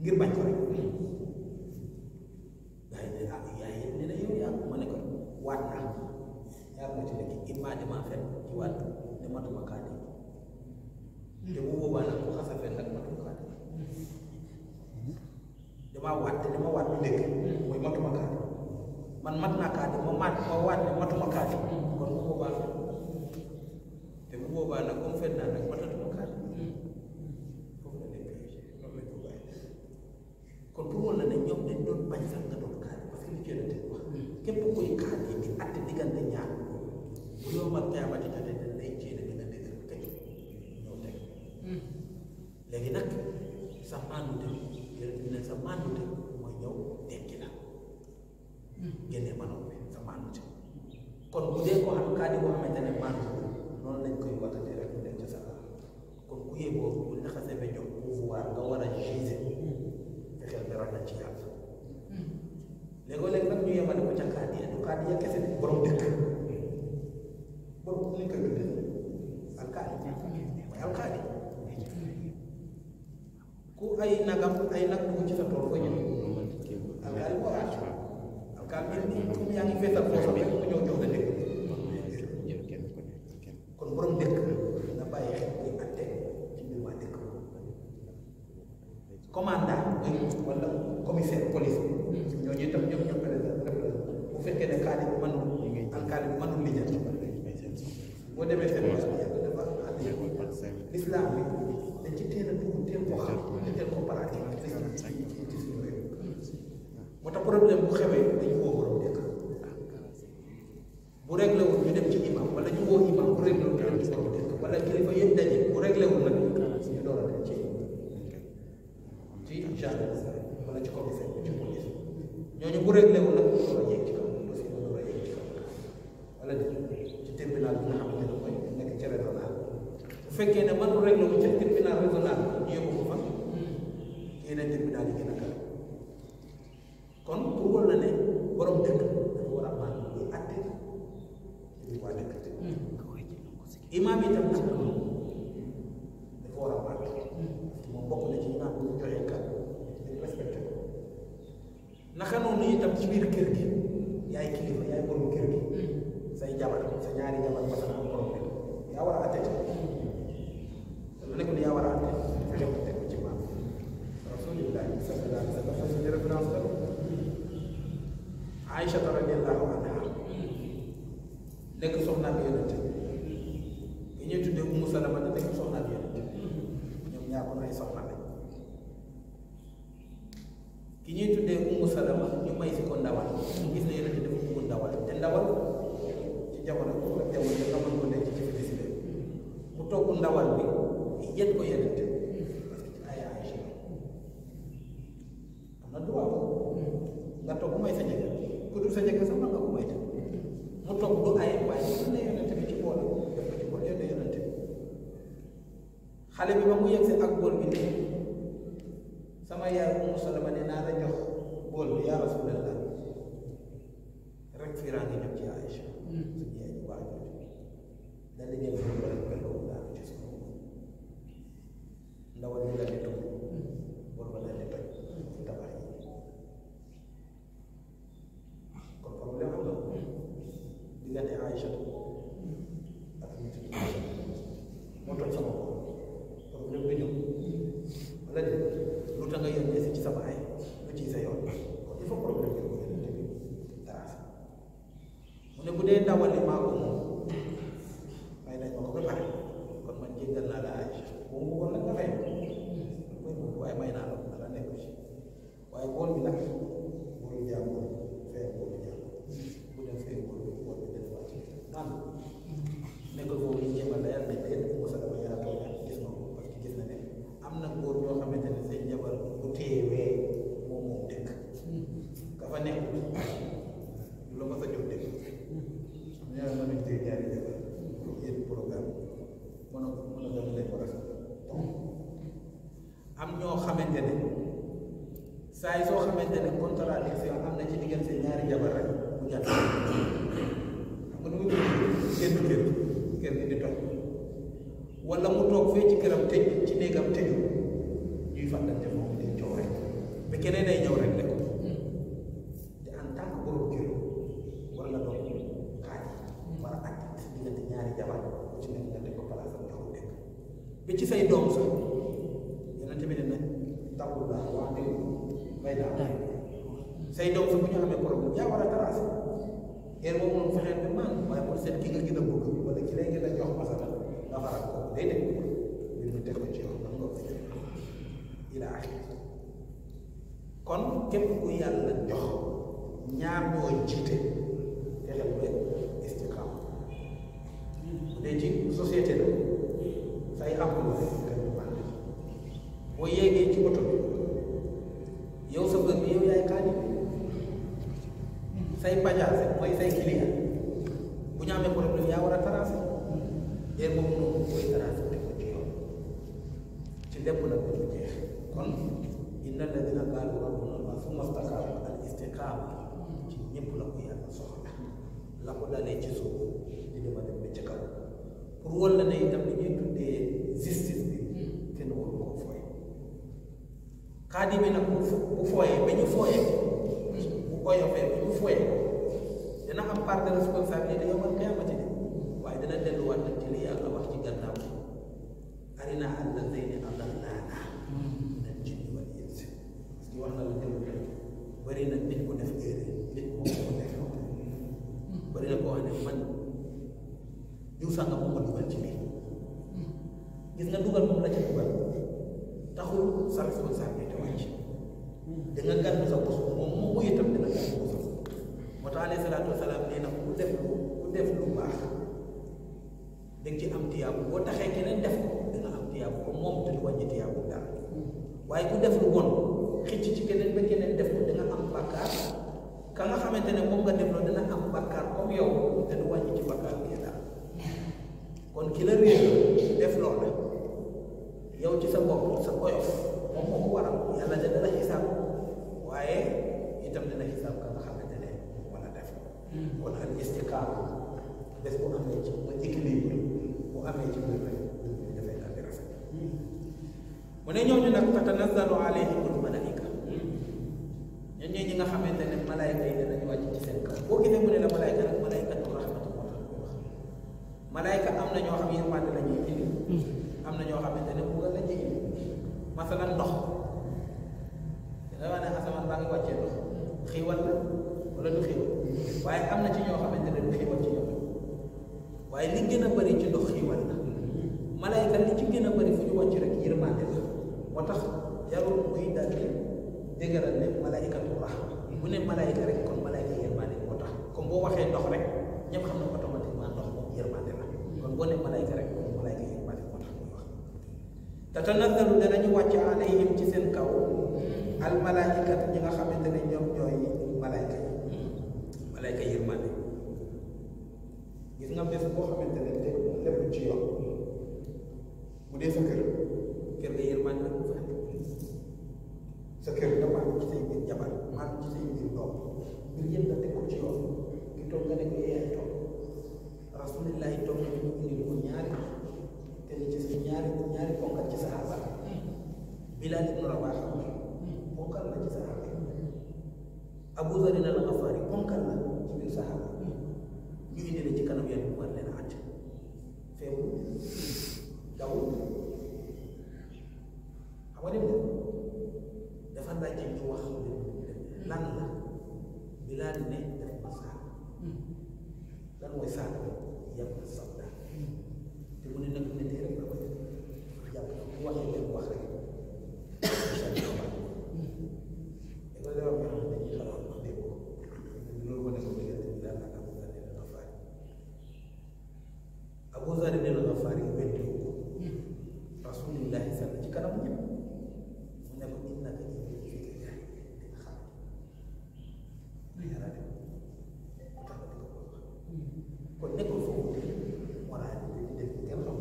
ngir bañ ko rek gaa yi ne ah yaa yéen na yow yaa ma ne ko waat naa yaa ma ci nekk immaa dama fen ci waat ne matuma kaa de hmm. te bu boobaa nag ku xasa fen kaa de damaa waat te dama waat lu dëgg mooy matuma kaa de man mat naa kaa de ma mat ma waat ne matuma kaa de hmm. kon bu boobaa te bu boobaa nag comme fen naa kon pour wala ne ñoom dañ doon bañ sax nga doon kaani parce que li ci yonente wax hmm. képp kuy kaani di àtte diggante ñaar bu yombal xiyaamati jotee a dëgër teg ñëw teg hmm. léegi nag sa màndute bi mooy ñëw tekki la hmm. génne manoon bi sa màndute kon bu dee ko am kaani boo xamante ne màndute noonu koy watatee rek mu dem ci sa kon ku yee boobu bu naxasee ba jox nga war a giser war nañ ci jàpp léegoo léegi nag ñu yemale ko ca xaadiya du xaadiya kese ne borom dëkk borom nuñ koy tuddee alkaadi mooy alkaadi ku ay nagam ay nag bu ci sa tool ko commandant wala commissaire police ñooñu itam ñoom ñoo président bu fekkee ne kaani bi mënul alkaali bi mënul lijjanti boo demee seen yàlla dafa ànd l'islam bi dañ ci teel a dugg xam te teel ko pratique moo tax problème bu xewee dañu woo borom dëkk bu réglé wul ñu dem ci imam wala ñu woo imam bu réglé ñu dem ci borom dëkk kilifa yëpp daje bu réglé nag ñu door a ci fii incha allah wala ci ci police ñooñu bu ci kaw dossier bi war a yegg ci kaw wala ci tribunal bi nga ne mooy nekk bu fekkee ne man réglé ci tribunal régional ñu yóbbu ko fa yeneen tribunal yi kon pour wóor la ne borom dëkk dafa war a mën di àtte di hmm. imaam itam ci dafa war a mën moom bokk na ci ñu naan bu ñu joxee kàddu ñu respecté ko naka noonu itam ci biir kër gi yaay kilifa yaay borom kër gi say jabar sa ñaari jabar ba sana am problème yaa war a atte lu nekk yaa war a atte fexe ko teg ko ci maam rasulillah sallallahu alayhi wa sallam suñu référence la Aïcha radiyallahu anha nekk soxnaam yonente bi ñuy tuddee Umu Salama nekk soxnaam yonente ñaar kon ay soxna lañ ki ñuy tuddee Ummu Salama ñu may si ko ndawal gis na yonent dafa bëgg te ndawal ci jamono ko ak ko ndawal bi yët ko yonent parce que ci ay ay si am na droit nga togg may sa jëkkër ku dul sa nga ko may mu togg du ay waaye su ne yonent bi ci boole xale bi ba mu yegg ak bool bi ne sama yaay Umu Salama ne naa la jox bool yaa Rasulallah rek firaa ngi ñëw ci Aïcha hmm. suñu yaay bu baax jooju daal di jël suñu bool bi benn bool daal ci suñu la ne toj bool ba la ne toj hmm. ci tabax yi kon problème am na hmm. ak ñu tudd moo toj sama ñoom du ñëw wala de lu tax nga yónnee si ci sa baay lu ci sa yoon il faut problème mu ne bu dee ndawal li ak diggante ñaari jabar ci nekk nga teg ko place am jox bi ci say doom sax yonente bi ne nag tawul laa wax dëgg bay naa say doom sax bu ñu amee problème yaa war a tracé heure boobu noonu fexeel bi man waaye pour seet ki nga gën a bëgg wala jox masala nga faral ko day nekk ñu teg ko ci yow ko ilaa te xel léegi société la say apport rek nga ñu baax boo yéegee ci oto bi yow sa bër bi yow yaay kaani say pajaas mooy say client bu ñu amee yaa war a tracé yéen moom noonu koy tracé teg ko ci yoon ci lépp nag jeex kon inna alladina qaalu rabbuna allah summa staqaamu al istiqaama ci ñëpp la ko yàlla soxla la ko dalee ci suuf di dema dem ba kaw pour wóor la ne itam li ñuy tuddee di bi kenn hmm. waru koo fooye xaadi bi nag fooyee ba ñu fooyee hmm. bu oyofee ba ñu fooyee dina am part de responsabilité yomal qiyaamati de waaye dina delluwaat nag ci li yàlla wax ci gannaaw bi arina allazayni adallana hmm. minal jinni wal insi parce que wax na la dem bëri na nit ku def erreur nit ko def bëri na koo ne man diw sànga moo ko dugal ci lii gis nga dugal moom la ca dugal taxul sa da nga gàddu sa bos moom moo ko itam dina tax alayhi na ku def lu ku def lu baax da nga ci am tiyaabu boo taxee def ko da nga am moom te du wàññi tiyaabu dara waaye ku def lu bon xëcc ci keneen ba keneen def ko da am bàkkaar ka nga xamante ne moom nga def loolu dina am bàkkaar comme yow te du wàññi ci bàkkaar bi kon ki la def loolu yow ci sa bopp sa koyof moom moo ko waral yàlla de dana xisaab waaye itam dana xamante ne mën a def hmm. kon al istiqaama bés bu amee ci mooy équilibre bu amee ci hmm. mu ne ñooñu nag fatanazzalu alayhimul malaika hmm. ne malaayka yi danañ wàcc ci seen kaw boo gisee mu ne malaayka am na ñoo xam yërmande la ñuy indi hmm. am na ñoo xamante ne mbugal la ñuy indi masalan ndox dana wax ne asamaan baa ngi wàccee ndox xiiwal la wala du waaye am na ci ñoo xamante ne waaye li gën a bëri ci ndox xiiwal la malaayka li ci gën a bëri fu ñu wàcc rek yërmande la moo tax yarul muy daal di dëgëral ne malaaykatu rahma bu ne malaayka rek kon malaayka yërmande moo tax comme boo waxee ndox rek ñëpp xam na automatiquement ndox moom yërmande la boo ne malayka rek moom malayka yi bari moo tax muy wax tatanazzalu danañu wàcc alayhim ci seen kaw al malaayikatu ñi nga xamante ne ñoom ñooy malayka yi malayka yërmande gis nga bés boo xamante ne lépp lépp ci yoon bu dee sa kër kër nga yërmande ko fa sa kër nga maam ci say biir jabar maam ci say biir doom mbir yëpp nga teg ko ci yoon ngi toog nga ne ko yaay toog rasulillahi toog na ñu indil ko ñaari te ñu ci ñaari ñaari bokkal ci saxaaba Bilaal ibnu Rabaah hmm. bokkal na ci saxaaba Abu Zarin al Ghafari bokkal na ci biir saxaaba hmm. ñu indi la ci kanam yàlla bu war leen àtt feebu daw xam nga dem dafa laajte ñu wax hmm. lan la Bilaal ne def ma saal lan mooy saal yàpp sawda te mu ne nag ne tey rek la ko def yàpp na ku waxee leen wax rek Abu Zar bin Ghafari weddi ko rasulillahi sànni ci kanam ñëpp mu ne ko innaka xam kon nekkul foofu war a di def kenn xam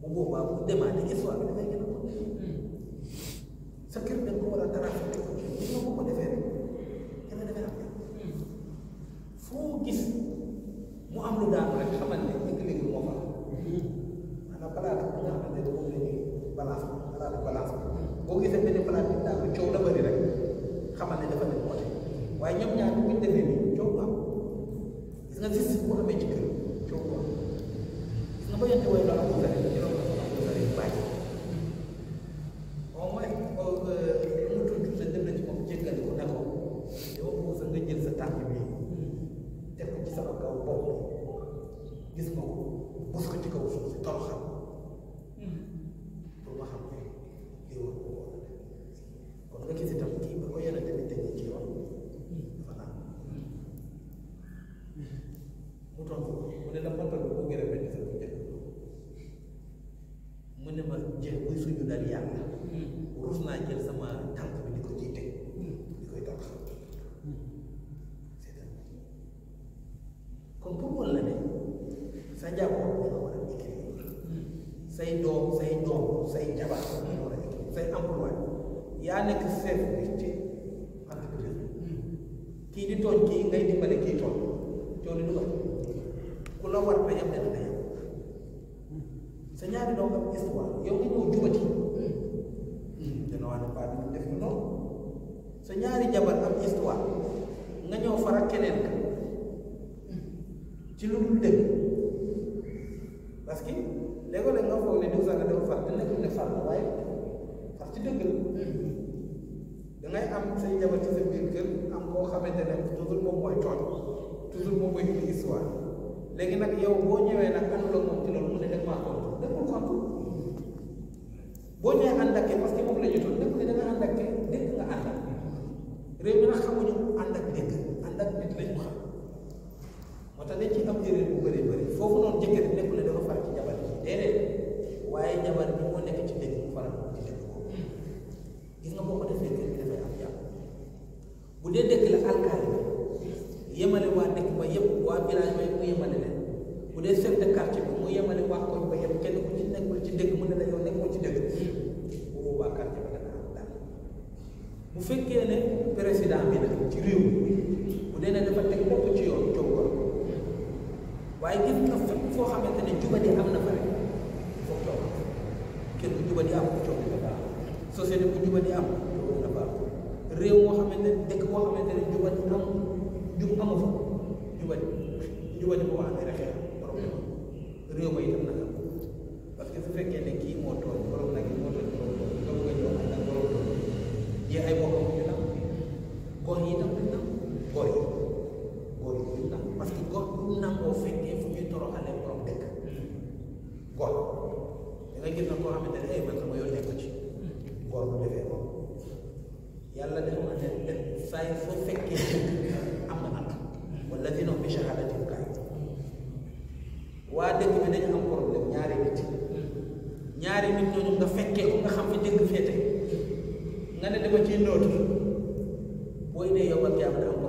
bu boobaa bu demaatee histoire bi dafay gën a ko sa kër dañ ko war a transformé ko ni ko ko defee rek dina defee foo gis mu am lu rek xamal ne léegi-léegi moo fa maanaam balaa nga xamante ne moom la ñuy balance balaa la balance boo gisee benn balaa bi daal coow la bëri rek xamal ne dafa nekk waaye ñoom ñaar bu ñu defee nii coow am gis nga visite bu amee ci kër coow nga ba yente way loolu ko ci loolu la ko fere euh, la dem na ci moom jéggali ne ko yow boobu nga jël sa tànk bi teg ko ci sama kaw bopp gis nga ko bës ko ci kaw suuf ci lu dul dëgg parce que léegoo nag nga foog ne diw sanga dafa far far ci dëgg la dangay am say jabar ci sa biir kër am koo xamante ne toujours moom mooy tooñ toujours moom mooy indi histoire léegi nag yow boo ñëwee nag ànduloo moom ci loolu mu ne def maa tontu deful tontu boo ñëwee ànd ak parce que moom la ñu toll def danga ànd ak dëgg nga ànd ak réew mi lañu xam te tax ci am erreur bu bëri bëri foofu noonu jëkkër bi nekkul ne dafa faral ci jabar ji déedéet waaye jabar bi moo nekk ci dëgg mu faral di dëgg ko bu dee dëkk la alkaali yemale waa dëkk ba yëpp waa village ba yëpp mu yemale leen bu dee chef de quartier bi mu yemale waa koñ ba yëpp kenn ku ci nekkul ci dëgg mu ne la yow nekkul ci dëgg bu boobaa quartier ba dana am daal bu fekkee ne président bi nag ci réew bu dee ne dafa teg bopp ci yoon coow waaye gis nga fépp foo xamante ne jubadi am na fa rek foofu coow kenn ku jubadi am coow dina baax société bu jubadi am coow dina baax réew moo xamante ne dëkk boo xamante ne jubadi am jub amu fa jubadi jubadi boo xam ne rek réew ma itam nag parce que su fekkee ne kii moo tooñ borom nag moo tooñ boobu la parce que góor bu nangoo fekkee fu ñuy toroxalee borom dëkk góor da nga gis na koo xamante ne ay man sama defee ko yàlla def na ne leen saa yi soo fekkee am na at wala dina bi waa dëkk ñaari nit ñaari nit ñooñu nga fekkee ko nga xam fi dëkk féete nga ne dama ciy ndóotu booy ne yow ak yàlla am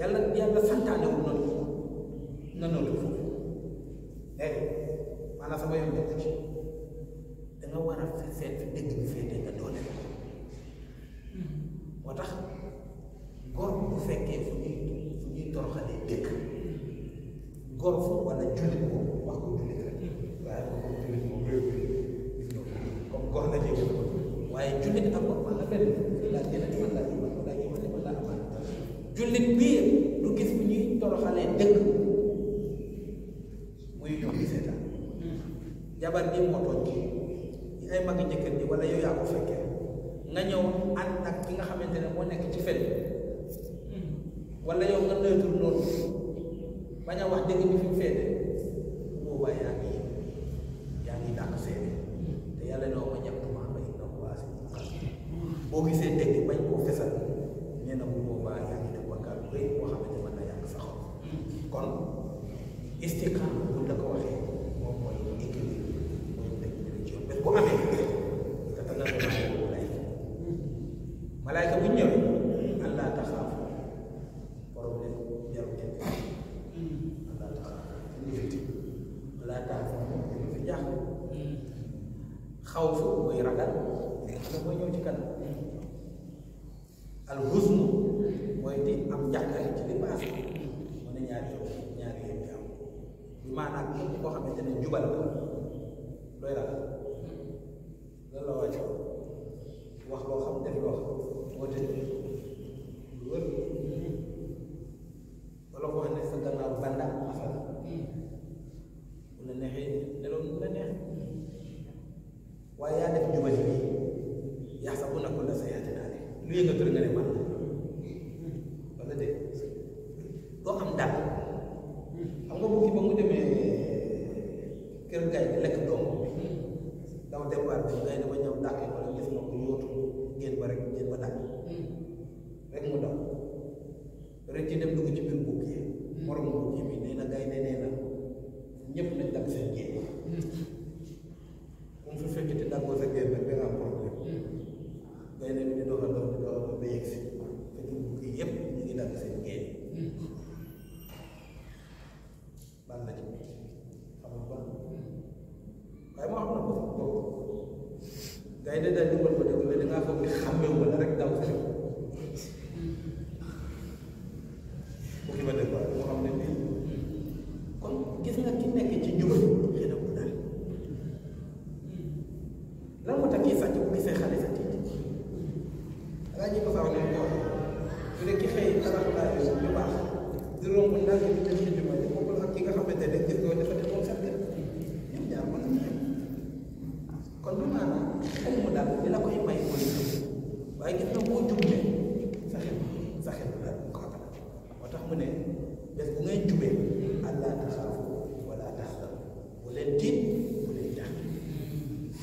yàlla yàlla santaane wul noonu na nootu foofu léeg maanaam sama yoon nekk ci da nga war a seet dëgg bi féete nga doole moo tax góor bu fekkee fu ñuy fu ñuy toroxalee dëkk góor fu wala jullit moom wax ko jullit rek waaye ko jullit moom réew mi comme góor la dégg waaye jullit ak góor man la benn daanaka dañu fi jaaxle xaw fu mooy ragal moom mooy ñëw ci kanam al mooy di am njàqare ci li paase mu ne ñaari yow ñaari yow di am maanaam képp koo xamante ne jubal la looy ragal lan la wax loo xam def loo xam moo tëj lu wër wala koo xam ne sa gannaaw bandam la neexee nelaw nu la neexee waaye yaa def jubati bi yaa sax bu nekkul la sa naa ne lu yëngatu rek nga ne man la wala de doo am dàq xam nga bukki ba demee kër gaay lekk doom bi daw dem waat dem gaay dama ñëw dàqee wala gis ma ko yóotu génn ba rek génn ba dàq rek mu daw rek ci dem dugg ci biir bukki moromu bukki bi nee na gaay ne nee na ñëpp nañ dagg seen génn hmm. moom su fekkee te daggoo sa génn nag da nga ngay ne di doog a doog di doog a doog ba yegg seen génn hmm. ban la ci xamul hmm. xam ne daal ne xàmmewu rek daw sa bukki moo xam ne nii gis nga ki nekk ci jub xëy na mu daal lan moo tax kii sàcc bu gisee xale sa tiit rajo ko lu baax di dafa defoon sàcc ñoom kon du maanaam xel mu daal li la koy may mooy waaye gis nga boo jub ne sa xel sa xel mu daal ko tax mu ne te bu ngay jubee allah taxaafu wala taxzanu bu leen tiit bu leen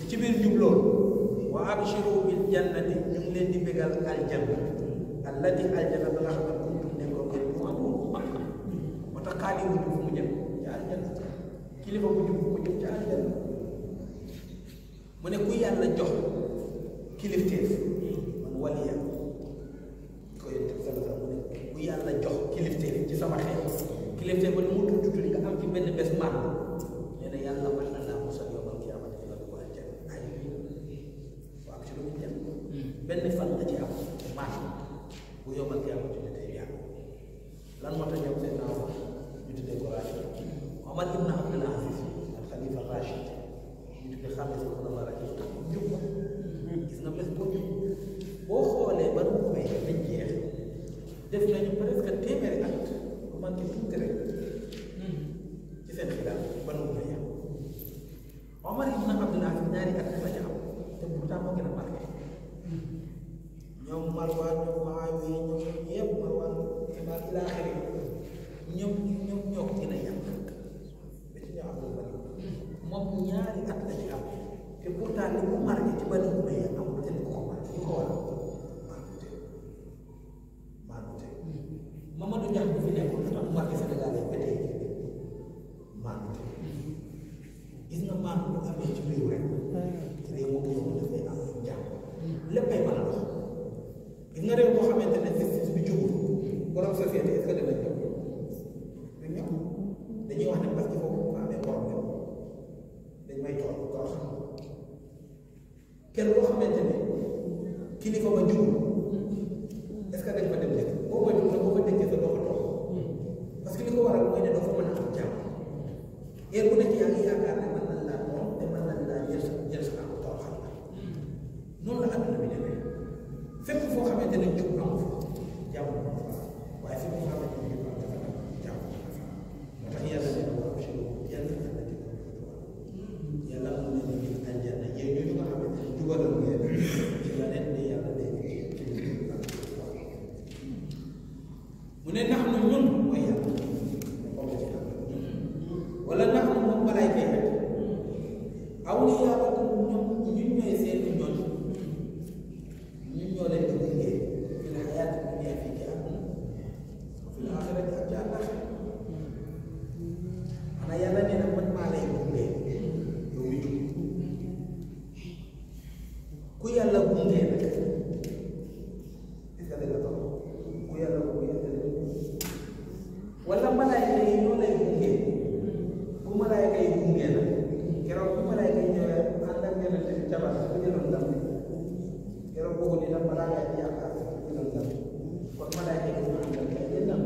ci biir jub loolu wa abshiru bil jannati ñu ngi leen di bégal aljanna allati aljanna nga xam ne kuntum nekkoon ngeen mu amoon moo tax xaali wu mu jëm ci aljanna kilifa bu jub mu jëm ci mu ne ku yàlla jox kilifteef man waliya ko yëpp ku yàlla jox kilifteef ci sama xel léeg-léeg ba lu mu tuuti tuuti am ci benn bés màgg ñaari at ba ci am te pourtant moo gën a barke ñoom Marwan ñoom Muawiya ñoom ñoom ñoo ko gën a yàq ba ci ñoo am lu bari moom ñaari at la ci am te pourtant li mu marqué ci bari mu te ni ko war ni ko war gis nga maam bu amee ci réew rek hmm. réew moom moom dafay am jàmm léppay mën a dox gis nga réew boo xamante ne justice bi jubul borom société est-ce que danañ ko dañ ñëpp dañuy wax ne parce que foofu ma amee problème dañ may toog toog xam kenn boo xamante ne kilifa ba jubul est-ce que dañ fa dem nekk boo koy dund boo ko nekkee sa doo ko toog hmm. parce que li ko waral mooy ne doo fa mën a am jàmm heure bu nekk yaa ngi yaakaar ne noonu la àdduna bi demee fépp foo xamante ne jub amu fa jàmm amu fa waaye fépp foo xamante ne jub amu fa jàmm amu fa moo tax yàlla ne ko wax ci yàlla ànd di ko yàlla mu ne ni aljanna yéen ñu nga xamante ne jubalal ngeen ci la leen ne yàlla day mu ne nax na ñun mooy yàlla wala nax na moom malaayka yi aw ni yàlla الدنيا ليس هي في الحياة الدنيا في جهنم وفي الآخرة أجعل أنا يلاني نمت ما عليه كنجي يوميجو كي يلا كنجي نك إذا لك طبعا كي يلا كنجي ولا ملايكة ينولا يكنجي كم ملايكة يكنجي نك كراو كم ملايكة ينولا أنت كنجي نك جبال كنجي نك loolu boo ko di def balaa ngay yaakaar dinañ def kon malaaka yi ñu àndal kay yéen nag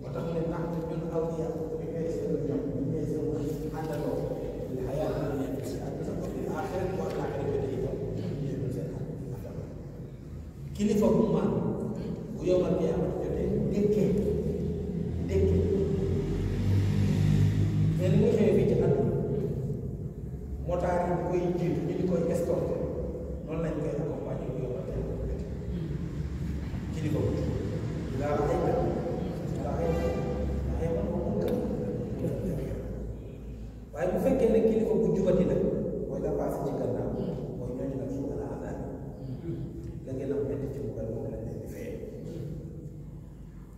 moo tax ne nax ñun aw ya ñu ngay seen ñoom ñu ngay seen wax àndaloo li xayaat na nekk si àdduna ko fi aaxirat ko ak aaxirat yi ko yéen seen kilifa bu maan bu yomal bi am jotee dékkee dékkee mais li nga xewee fii ci àdduna moo tax koy jiitu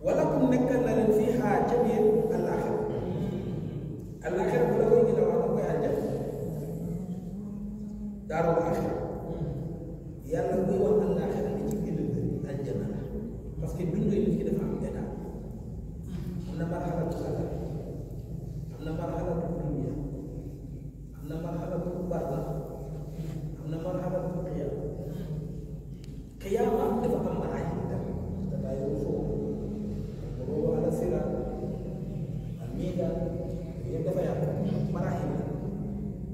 ولكم نكن لن فيها جميع الاخر الاخر ولا وين لو أنا وين الجنة دار الاخر يلا وي وقت الاخر اللي تجيب الجنة بس كي بندو اللي كده فهم أنا أنا مرحلة الآخرة أنا مرحلة الدنيا أنا مرحلة البرزخ أنا مرحلة القيامة قيامة تفهم معايا wasila miida yëpp dafa yàqu maraaxil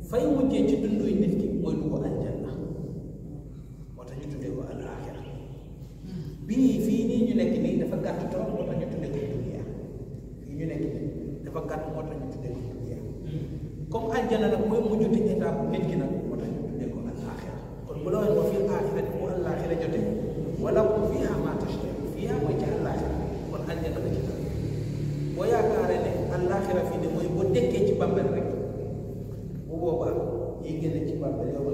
fay mujjee ci dunduy nit ki mooy dugg aljanna moo tax ñu tuddee ko al aaxira bii fii nii ñu nekk nii dafa gàtt moo tax ñu tuddee ko dunya fii ñu nekk nii dafa gàtt moo tax ñu tuddee ko mooy mujjati étape nit ki nag moo tax ñu tuddee ko al aaxira kon bu fii aaxira di mu al jotee wala bu fii maa tashtahi fii mooy ci al aaxira kon aljanna la ci partido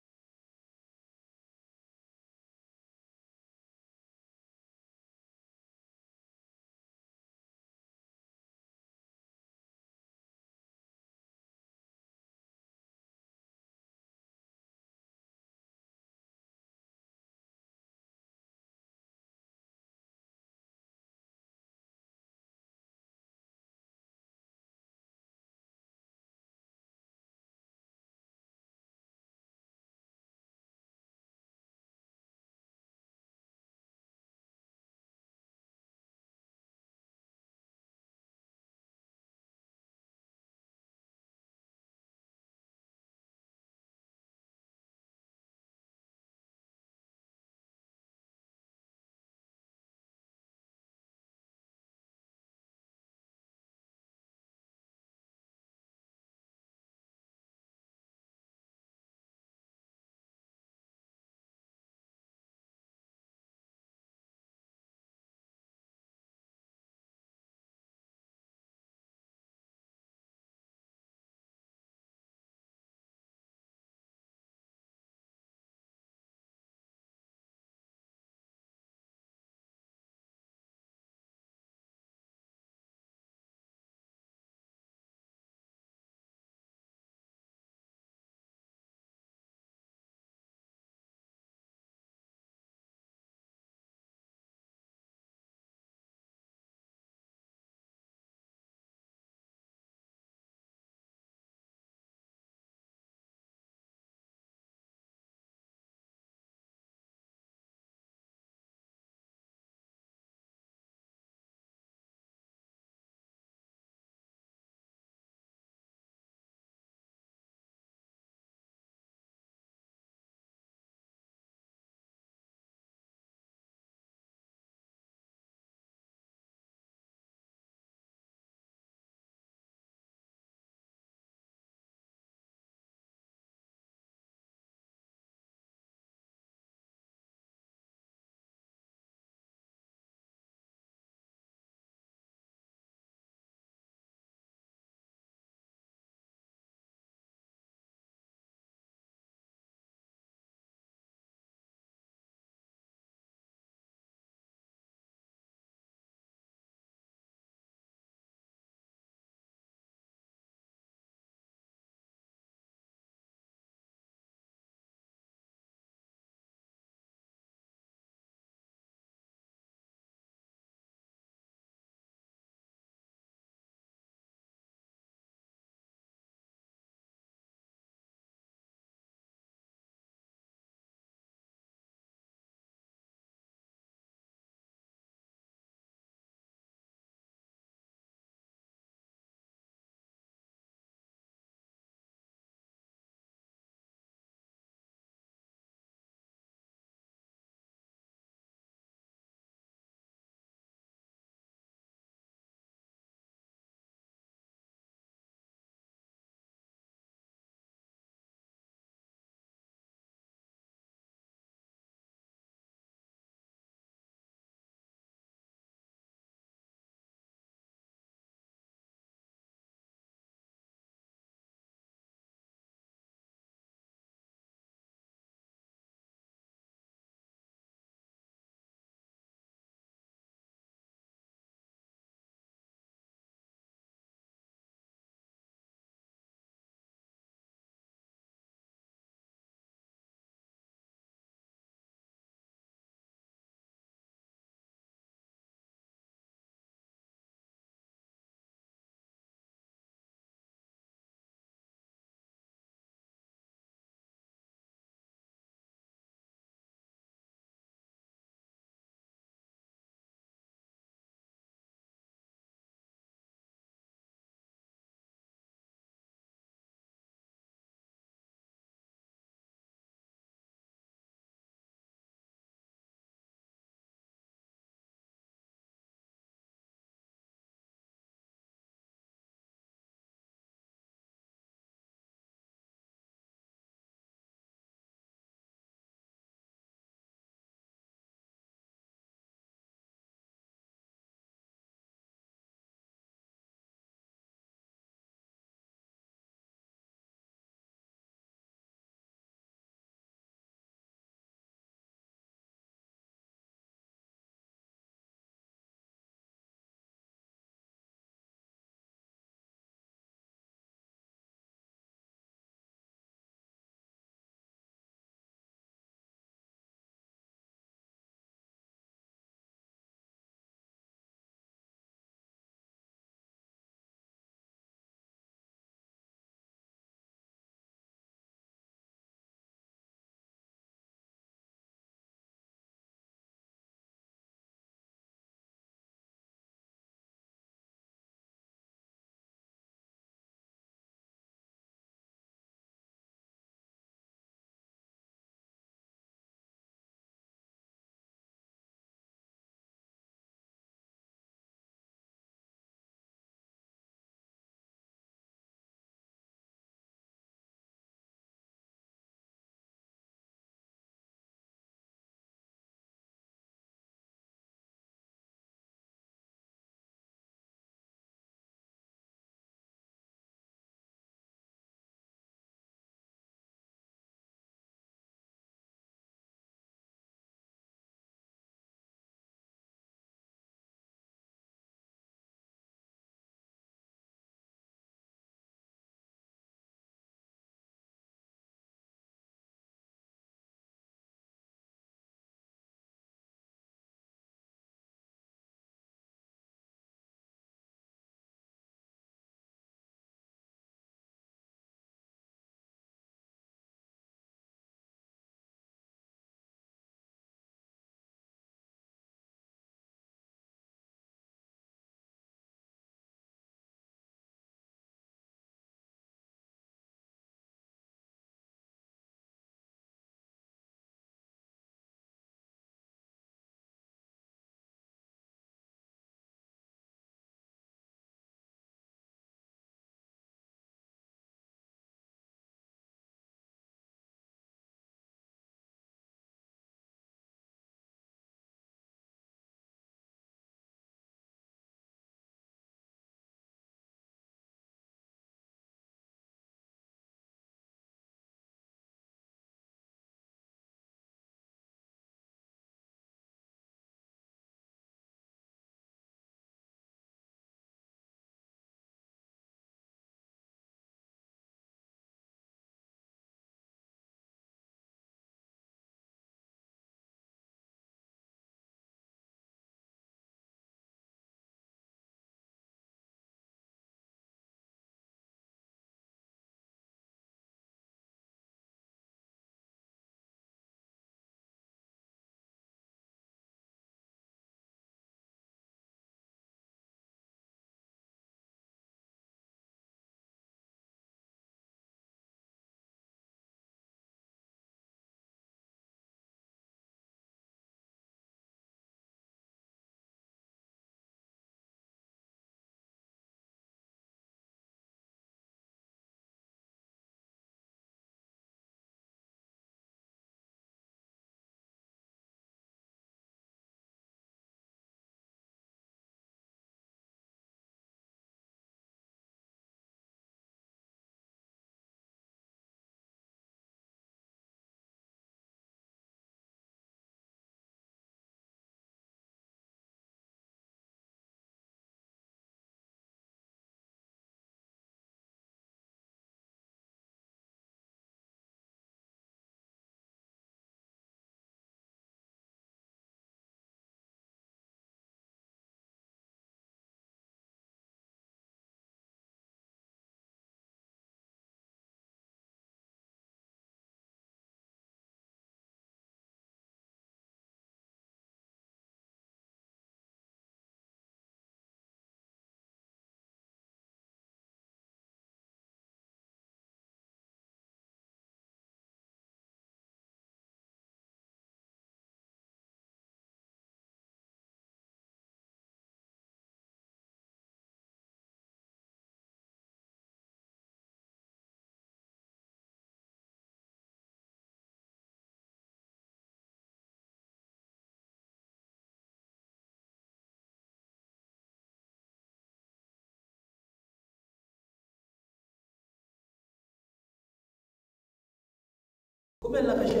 ku mel Ba mu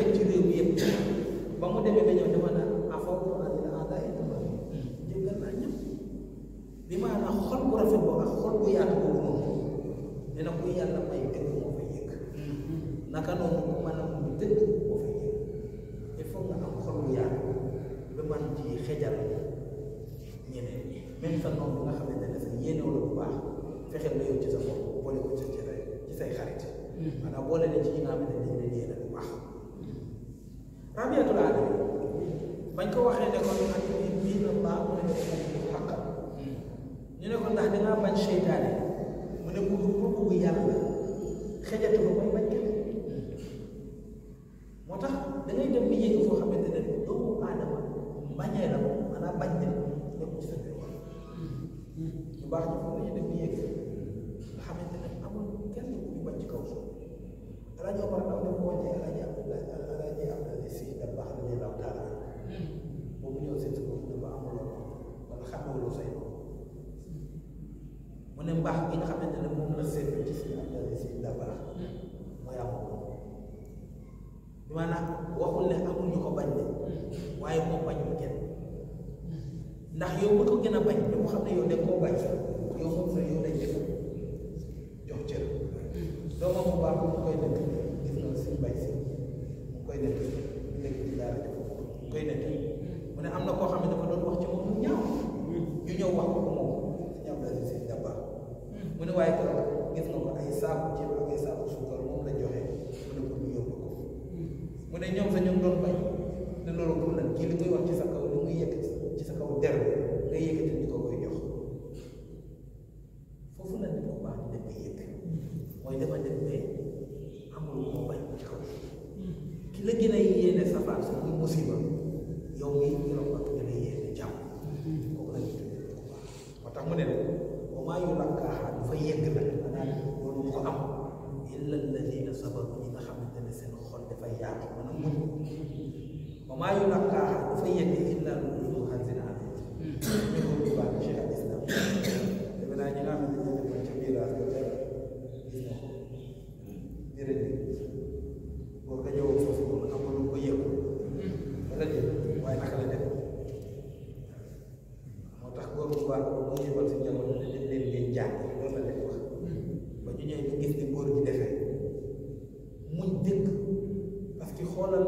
teg ci réew mi yëpp ba demee ba ñëw dafa ne afawtu bu rafet boobu ak xol bu yaatu boobu moom nee na ku yàlla may dëgg moo fay yëg naka noonu ku mën a mu dëgg moo fay yëg il faut nga am xol xamante ne sa yéene wala bu baax fexe na yow ci sa bopp boole ko ci say xarit أنا أقول لجينا من الدين إلى الواحد رابعة العالم بنك واحد يكون من دين الله من الدين الحق يقول نحن بن شيطان من بروك يلا خجت له ما يبين motax da ngay dem bi yëg foo xamante ne doomu aadama bañee la moom maanaam bañ dem nekku ci fekk wax ñu baax ñu foofu ñu dem bi yëg nga xamante ne amul kenn ku ñu bañ ci kaw suuf Alhaji Omar am na ko wàññi Alhaji Abdoulaye Alhaji Abdoulaye si da baax na la taala ba mu ñëw seet ko dafa amuloo wala xamaloo mu ne mbaax gi nga xamante ne moom la seet ci si Abdoulaye si da baax hmm. mooy amuloo maanaam waxul ne amul ñu ko bañ de hmm. waaye moo bañul kenn ndax yow bu ko gën a bañ ñu xam ne yow dañ koo bañ yow moom la yow dañ def jox cër doomam bu baax mu koy nekk gis na suñu bay si mu koy nekk ñu nekk ci daara def mu koy nekk mu ne am na koo xam ne dafa doon wax ci moom lu ñaaw ñu ñëw wax ko ko moom la joxe mu ne ñoom sa ñu doon bay ne loolu pour lan kii li muy wax ci sa kaw li muy yëkkati ci sa kaw der nga yëkkati ñu ko koy jox foofu la nit ku baax di def yëkkati وإنما دمبي amul ko bañ ko taw ki la gën a yéene safar sa muy musiba yow mi yow ak gën a yéene jàmm kooku la ñuy tuddee ko baax moo tax mu ne la wa maa yu lakkaaxa du fa yegg nag danaa loolu mu ko am illa alladina sabaru ñi nga xamante ne seen xol dafa yaatu mën a muñ wa maa yu lakkaaxa du fa yegg illa lu xasin amin ñu ko baax ci al islam defe naa ñi nga xamante ne dafa ci biir askan déedéet boo ko ñëwoon foofu moom am na lu ko yëngu wala waaye naka la def moo tax góor bu baax boo ñëwoon la leen wax dëkk parce que xoolal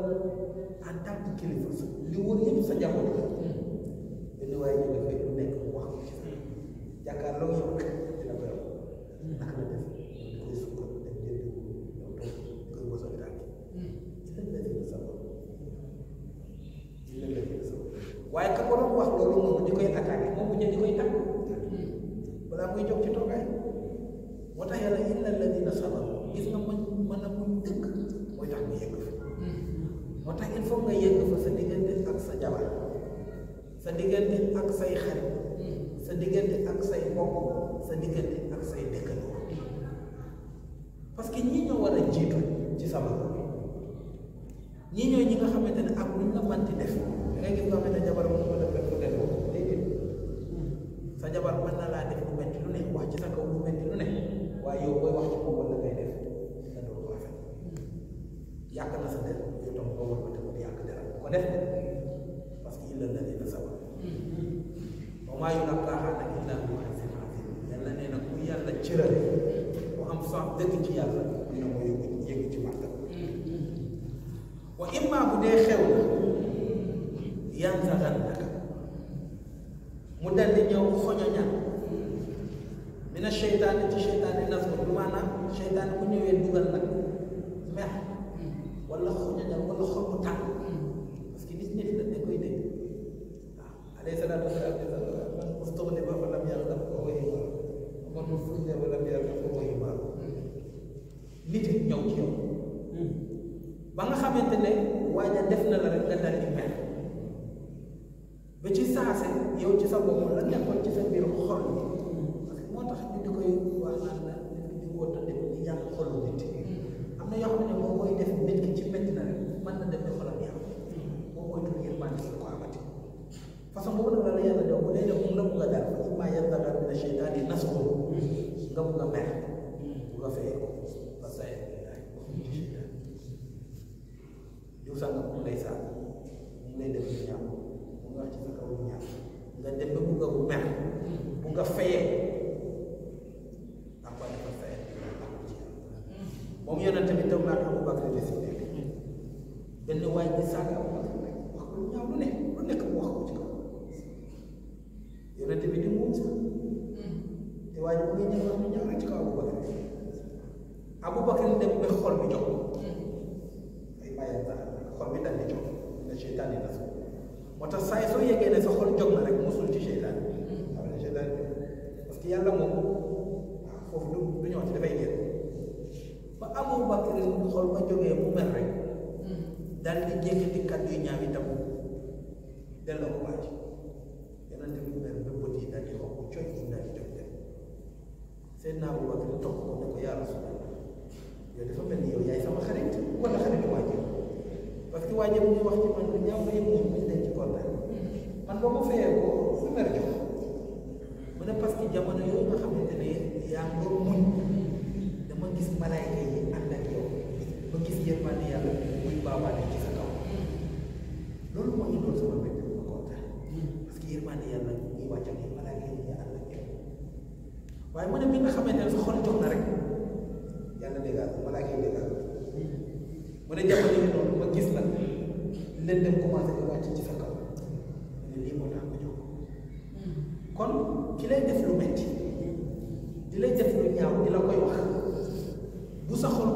en tant que kilifa li wóor yëpp sa jamono la benn waaye ñu lu nekk wax ko ci jàkkaarloo yow dina ko yow naka la def waaye ka ko doon wax loolu moom di koy attaqué moom mujjee di koy tàggu balaa muy jóg ci toogaay moo tax yàlla inna alladina sabaru gis nga mën mën a muñ dëkk mooy tax nga yëgg fa moo tax il faut nga yëgg fa sa diggante ak sa jabar sa diggante ak say xarit sa diggante ak say mbokk sa diggante ak say dëkkandoo parce que ñii ñoo war a jiitu ci sabab ñii ñooy ñi nga xamante ne ak luñ la manti def dangay gis nga xamante jabar mën na sa jabar mën na laa def lu metti lu ne wax ci sa kaw lu metti lu ne waaye yow booy wax ci moom wala ngay def da doon ko rafet yàq na sa der yow tam boo war ko yàq dara ko def parce que illa la dina sabar wa maa yulaqqaahaa illaa zuu hazzin aziim yàlla nee na ku yàlla cërale ku am sax dëgg ci yàlla dina ko yóbbu yëg ci màttal wa imma bu dee xew na yan saxan naka mu dal di ñëw xoñoñal mina seytaane ci seytaane nas ko du maanaam seytaane bu ñëwee dugal nag mer wala xoñoñal wala xol bu tàng parce que nit ñi dañ koy dégg waaw alayhi salaatu wasalaam man mustaghniba fa lam yartab fa huwa imaam man mustagna fa ci yow ba nga xamante ne waaja def na la rek nga dal di mel ba ci saase yow ci sa bopp la nekkoon ci sa biir xol bi parce que moo tax nit di koy wax naan la nit di wóor te dem di yàq xolu nit am na yoo xam ne moom mooy def nit ki ci métti na rek mën na dem di xolam yàq moom mooy tur yërmaan si ko amati façon boobu nag la la yàlla def bu dee def mu la bugg a dal fa imma yanzaga mina cheytaani nasxu nga bugg a mer bugg a feye ko diw sàngam mu lay saaga mu lay def lu ñaaw mu nga wax ci sa kaw lu ñaaw nga dem ba bugg a bu mer bu nga moom yonent bi toog Abu ne lu mu wax ko ci kaw yonent bi di muum te waaye mu ngi ñëw wax lu ñaaw rek ci kaw Abu xol bi jox xol bi dal di jóg ne seytaan yi nas moo tax saa yi soo yeggee ne sa xol jóg na rek musul ci seytaan xam ne seytaan parce que yàlla moom foofu du du ñëw ci dafay génn ba amoo bakri xol ba jógee mu mel rek dal di jékkati kàddu yu ñaaw itam delloo ko waaj yonente bi mel ba bët yi dal di xokk cooy mu dal di jóg dem seen naa bu bakri topp ko ne ko yaa rasulallah yow dafa mel ni yow yaay sama xarit wala xarit waa jiw parce que waa jëm wax ci man lu ñaaw yëpp moom ñu leen ci kontaan man ba ma fayee ko su mer jox mu ne parce que jamono yooyu nga xamante ne yaa ngi muñ dama gis malaayka yi ànd ak yow ba gis yërmande yàlla ma kontaan parce que yërmande yàlla waaye mu ne xamante ne sa xol jox na rek yàlla déggal malaayka yi déggal mu ne jamono yi noonu leen dem commencé di wàcc ci sa kaw lii moo tax ko jóg hmm. kon ki lay def lu la koy wax bu sa xol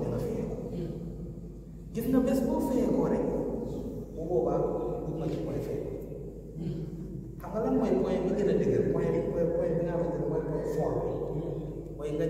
dina feyeeku hmm. gis nga bés boo feyeekoo rek bu boobaa bu ma ci mooy fay hmm. xam nga lan mooy point bi gën a dëgër point bi point bi nga xamante ne mooy point fort mooy nga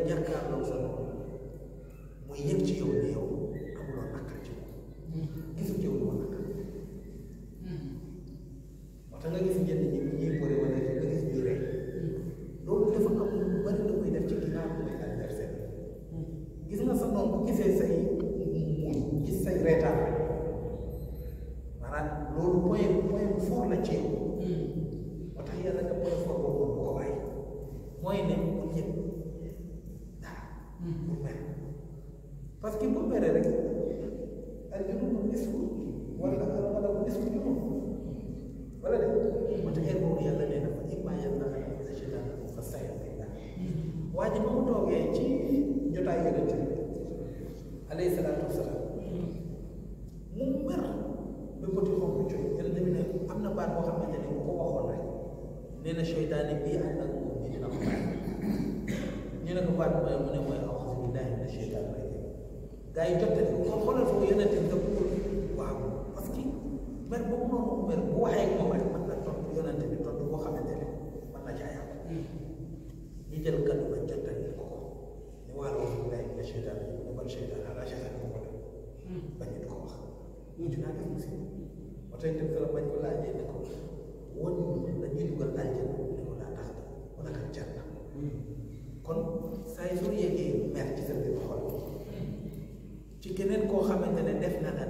toogee ci jotaay yonent bi alayhi salaatu wasalaam mu mer ba bëti xom bi coy yonent bi ne am na baat boo xamante ne bu ko waxoon rek nee na seytaane bii ànd ak moom bi dina ko bàyyi ñu ne mooy mu ne mooy awxas billahi mina seytaane rek gaa yi jotte ko xoolal foofu yonent bi nga bëggul waaw parce que mer boobu noonu mer bu waxee ak moom rek mën na tontu yonent bi tontu boo xamante ne mën na caa yàq hmm. ñu jël kàddu ba jottali maa ngi woon day ne seytaan ne man seytaan ala seytaan ko def hmm. bañ di ko wax mujj naa def musiba ba tey dem dara bañ ko laajee ne ko woon ñu dañuy ko laa tax a naka janna kon saa yu soo yeggee hmm. koo xamante ne def na hmm.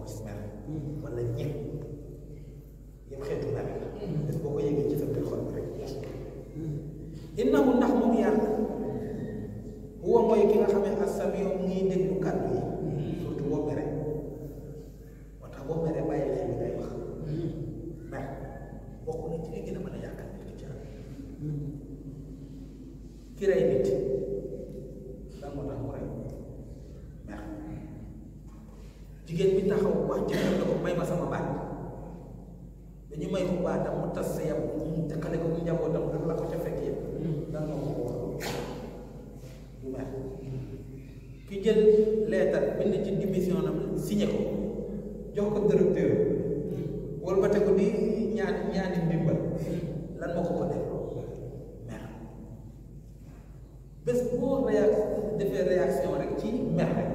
wax na ko xeetu mel la boo ko yëgee ci rek innahu ndax moom yàlla huwa mooy mu ngi déglu kàddu yi surtout boo mere moo tax boo mere bàyyi xel li ngay wax mer bokk na ci li gën a mën a moo tax mu rey mer jigéen bi taxaw wax ci la ma sama baat dañu may ko baax dama tas sa yam dëkkale ko njabootam rek la ko ca fekk yëpp dan na ko war maire ki jël leetar bind ci démission ko jox ko directeur wala ba te ko di ñaan ñaani ndimbal lan moo ko ko def maire bés boo réac defee réaction rek ci maire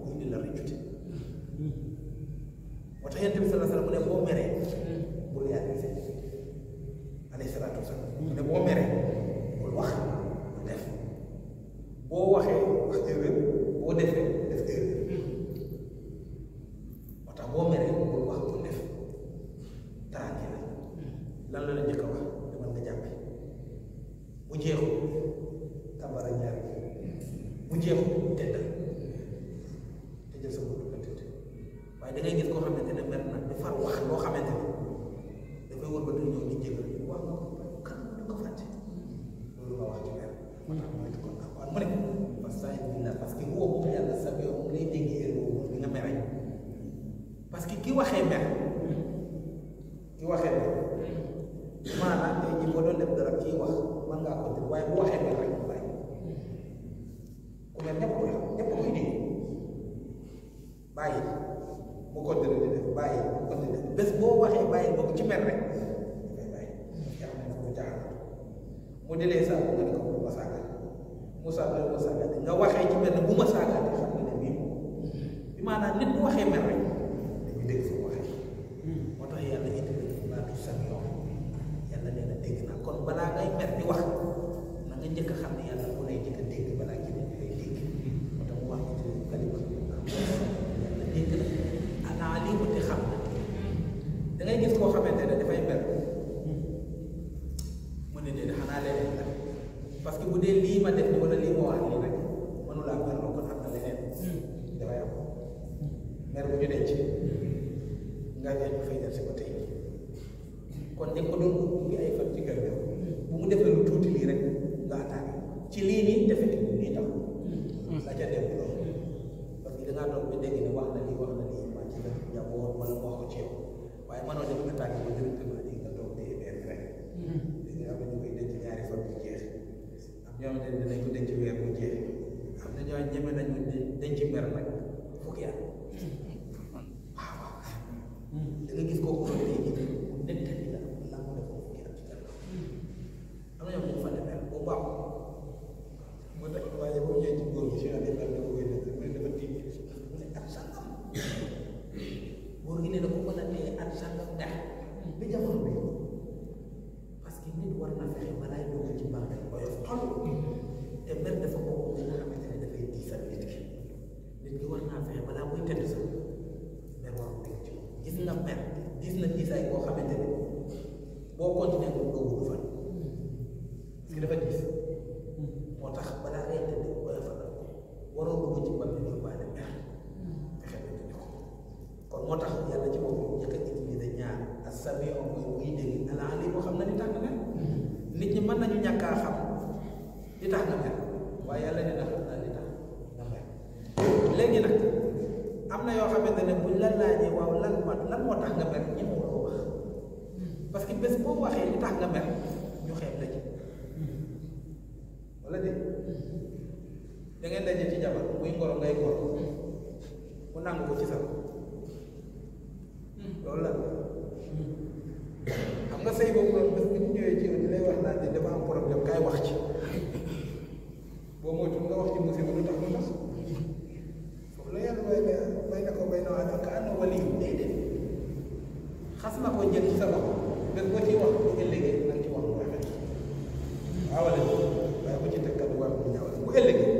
mu indi la rëccute moo tax yéen tamit sala sala ne boo meree bu la yàgg di i alayhi salaatu wasalaam mu ne boo meree bul wax Moussa Gueye Moussa Gueye nga waxee ci mel ne bu ma saagaatee xam nga ne bii bi maanaam nit bu waxee mel rek dañu dégg fa waxee moo tax yàlla indi laa du seen yàlla nee na dégg naa kon balaa ngay mer di wax na nga xam ne yàlla mu lay njëkk a dégg balaa nga ñu nga ne ñu fay si ba tey kon ne ko doon mu ngi ay fan ci kër ga bu mu defee lu tuuti lii rek nga attaqué ci lii nii defe ni nii tax hmm. la ca dem loolu parce que da ngaa toog ne wax na nga toog dee benn rek dañu am ñu koy denc ñaari fan bu ne dinañ ko na ñoo ñeme nañu denc mer nag fukki da nga gis kooku loolu léegi mu nettali la la mu a am na ñoo fa demee bu baax moo tax waaye boo ñëwee ci góor gi dafa ne at sangam gi ne na ko mën a téye at sangam ndax bi bi parce que nit war na fexe balaa dugg ci banque bi gis na mer gis na diisaay moo tax balaa ngay ci bal bi yóbbaale mer fexe ba dindi moo tax ci boppam njëkk a utilisé ñaar as-samiu mooy muy moo xam na li tax nga mer nit ñi mën nañu ñàkk xam li tax nga mer waaye yàlla ne na xam na li tax nga mer léegi nag am na yoo xamante ne buñ la laajee waaw lan ma lan moo tax nga mer ñëwoo ko wax parce que bés boo waxee li tax nga mer ñu xeeb la ci wala déet da na daje ci jabar muy ngoro ngay ngoro mu nangu ko ci sa loolu la xam nga sëy boobu noonu dafa am problème wax ci boo moytuwul nga wax ci musiba lu tax lu tax lu yàlla bay na bay na ko bay na waaye ka ànd wali day def xas na ko njëriñ sa bopp bés boo ciy wax bu ëllëgee na nga ci wax lu rafet waaw wala waaye bu ci teg kat war bu ñaaw bu ëllëgee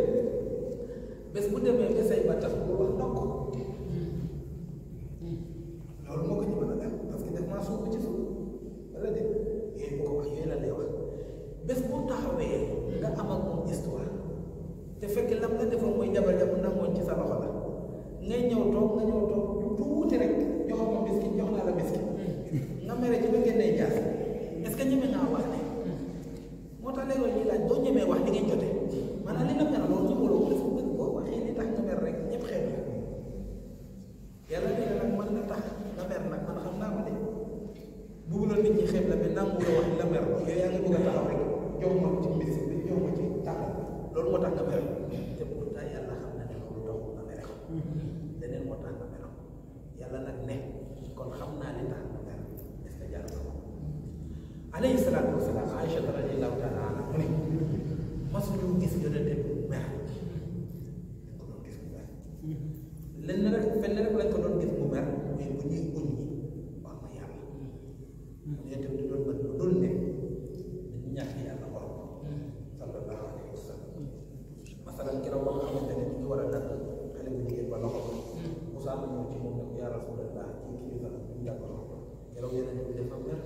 bés bu demee ba say ba tax bu wax ndokk loolu moo ko ci mën a def parce que def naa suuf ci suuf wala de yooyu bu ko wax yooyu la lay wax bés bu taxawee nga am ak moom histoire te fekk lam la defoon mooy jabar-jabar nangoon ci sa loxo la ngay ñëw toog nga ñëw toog lu tuuti rek jox ma biskit jox naa la biskit hmm. nga mere ci ba génnee jaas est-ce que ñeme naa wax ne hmm. moo tax léegi ñuy laaj doo ñemee wax li ngay a maanaam li boo waxee li tax nga mer rek ñëpp xeeb la yàlla nee nag man nga tax nga mer nag man xam naa ko de bëgguloon nit ñi xeeb la mais nangu la wax la mer yooyu yaa ngi bëgg a taxaw rek jox ma ci mbisi bi jox ma ci taxaw loolu moo tax nga mer leneen moo tax nga meloon yàlla nag ne kon xam naa li tax nga mel est-ce que lañ ko doon gis mu bu ñuy uñ ñi wax na yàlla yonente bi di doon mën lu dul ne dañu ñàkk yàlla xorom hmm. sallallahu alayhi wa sallam masalan keroog boo xamante ne ñu ngi war a balagha musa ma ñëw ci moom ne ko yaa rasulallah ci kilifa ak ñu jàpp la ko yow yeneen bi dafa mer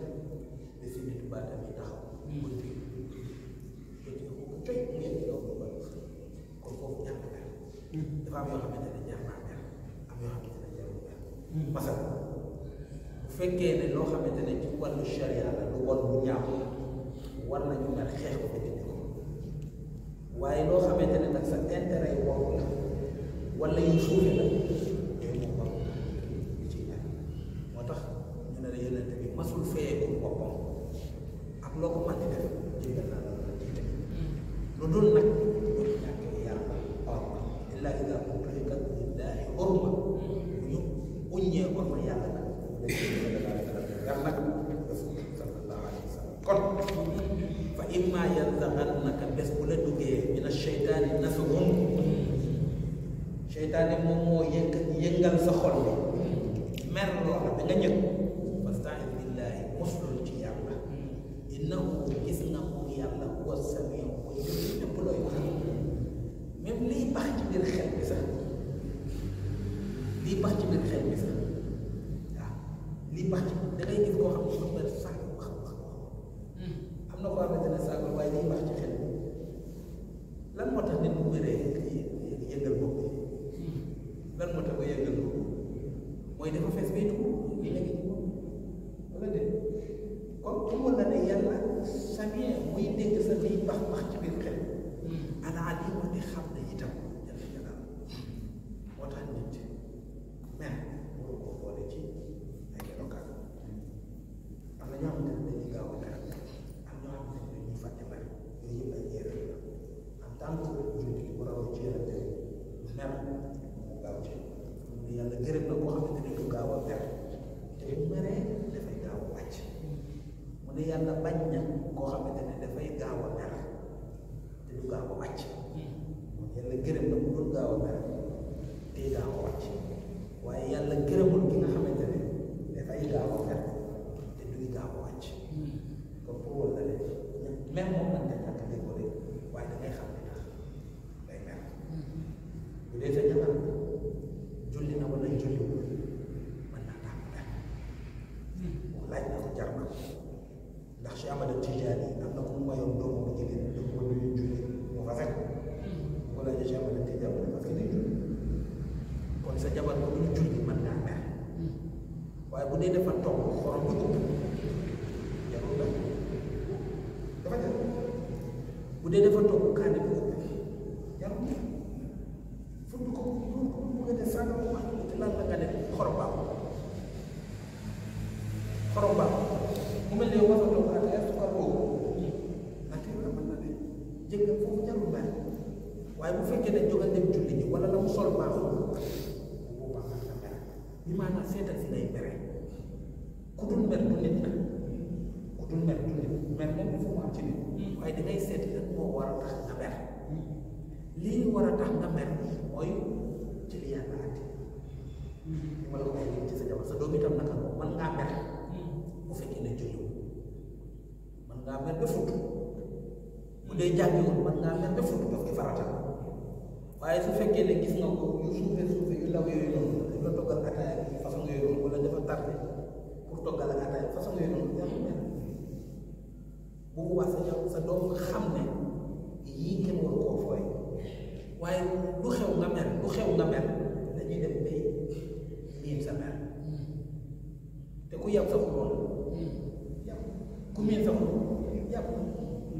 ba fi nit baatam yi taxaw mu ji ko ci ko tey ngeen di daw ba kon foofu ñàkk mer dafa am yoo xamante ne ñàkk naa mer am yoo xamante ne jarul mer parce que bu fekkee ne loo xamante ne ci wàllu charia la lu won bu ñaaw war nañu mer xeex ko ba dindi ko waaye loo xamante ne nag sa intérêt yi woowu la wala yu suufe la yooyu moom war ñu ciy def moo tax ñu ne la yeneen bi masul feeyeeku boppam ak loo ko mën di def jéggal naa la la jiite lu dul nag ñu ñàkkee yàlla orma illaa ida uxrikat lillahi orma ñu uññee orma yàlla nag yàlla nag sallallahu alayhi wa sallam kon fa imma yanzaxannaka bés bu la duggee min acheytaani nasaxum seytaane moom moo yëkk yëngal sa xol bi mer loo xam ne nga ñëkk fasta'id billahi muslul ci yàlla innahu gis na mu yàlla wa samiu mooy dégg lépp looy wax même liy bax ci biir xel bi sax liy bax ci biir xel bi sax waaw liy bax ci da ngay gis koo xam ne mën na sax gaaw a mer am ñoo xam ne dañuy fàtte mer yooyu yëpp ay erreur la en tant que jullit li ko raw ci yàlla mu gaaw ci na koo gaaw a mer te bu bañ na koo xam ne dafay gaaw a mer te du gaaw a wàcc yàlla gërëm na a mer te gaaw a wàcc waaye yàlla gërëmul ki nga xamante ne dafay gaaw a mer wóor la de même moom nag nga ñàkk a de waaye da ngay xam ne tax day mer bu dee sa jabar julli na wala julliwul mën naa tax mer laaj na ko jar na ndax si Amada Tijaani am na ku bu jigéen julli mu rafet ko laajee si Amada Tijaani mu dafa julli kon naa mer hmm. waaye bu dee dafa toog xorom bu ëpp dafa bu dee dafa toog kaane bi ko yàlla fut ko mu nga def sànq wax te lan la nga def xorom baax xorom baax mu mel ne war a toog à terre war boobu ndax kii mën waaye bu fekkee ne jógal dem julli la mu sol la dara ni maanaam si lay mere ku dul mer du nit du mer du nit mer lenn fu mu am ci nit hmm. waaye da seet lan moo war a tax nga mer lii war a tax nga mer mooy ci li yàlla ati li ma fekkee ne julli mën ngaa mer ba hmm. waaye su fekkee ne gis nga ko yu suufee suufee yu law yooyu noonu dañ la toggal ataaya façon yooyu noonu wala dafa tardé bu boobaa sa yow sa xam ne yii kenn waru koo fooy waaye lu xew nga mer lu xew nga mer dañuy dem bay miin sa mer te ku yàpp sa xulóon yàpp ku miin sa xulóon yàpp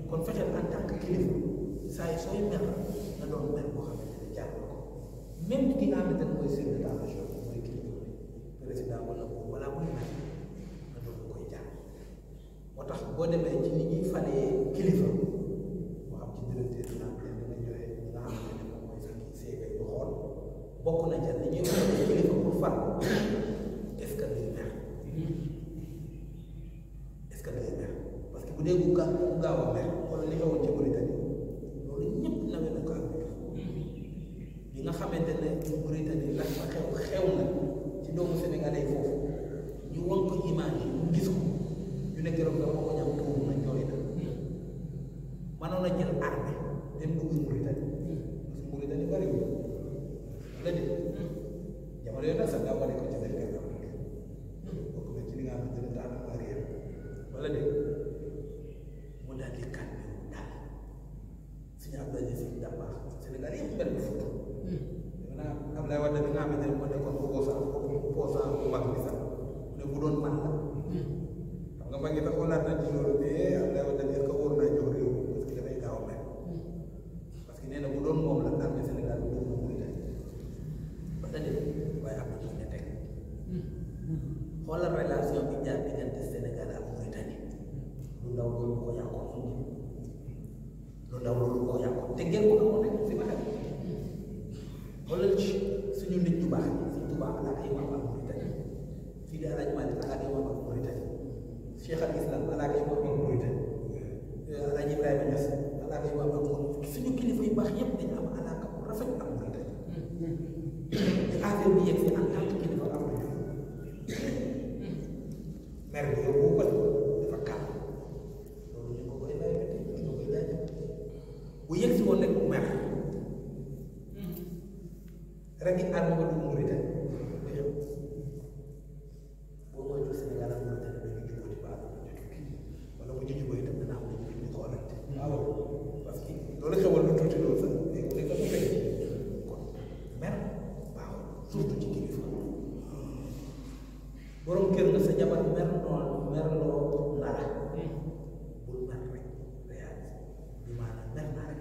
kon fexeel en tant que kilifa saa yi sooy mer na doon mer boo xamante ne jàpp ko même ki nga xamante ne mooy chef de la région mooy kilifa bi président wala wala muy mer boo demee ci ni ñuy falee kilifa moo xam ci directeur de l'antenne danga joxe la ne moom mooy sax kii seega ñu xool bokk na ca ni ñuy kilifa pour fal est-ce que day neex mm. est-ce bu dee bu gaaw a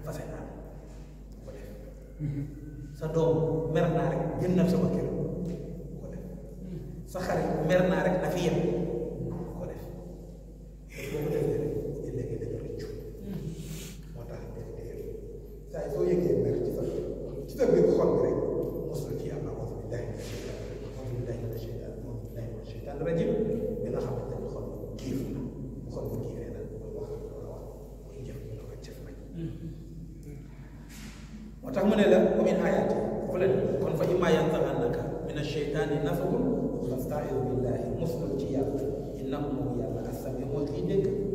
fase naa ko def sa doom mer naa rek génnal sama kër ko def sa xarit mer naa rek na fi yem ko def boo ko defee rek di léegi dañu rëccu moo tax nga dee saa soo yëgee mer ci sa ci sa biir xol bi rek mosul ci yàlla wax bi day na shaytaan wax bi day na shaytaan wax bi day na shaytaan rajim dina xam moo tax mu ne la wa min ayaati foofu la kon fa imma yanzaghannaka mina shaytaani nafahun fasta'iz billahi muslim ci yàlla innahu moom yàlla as-samii'u mooy kiy dégg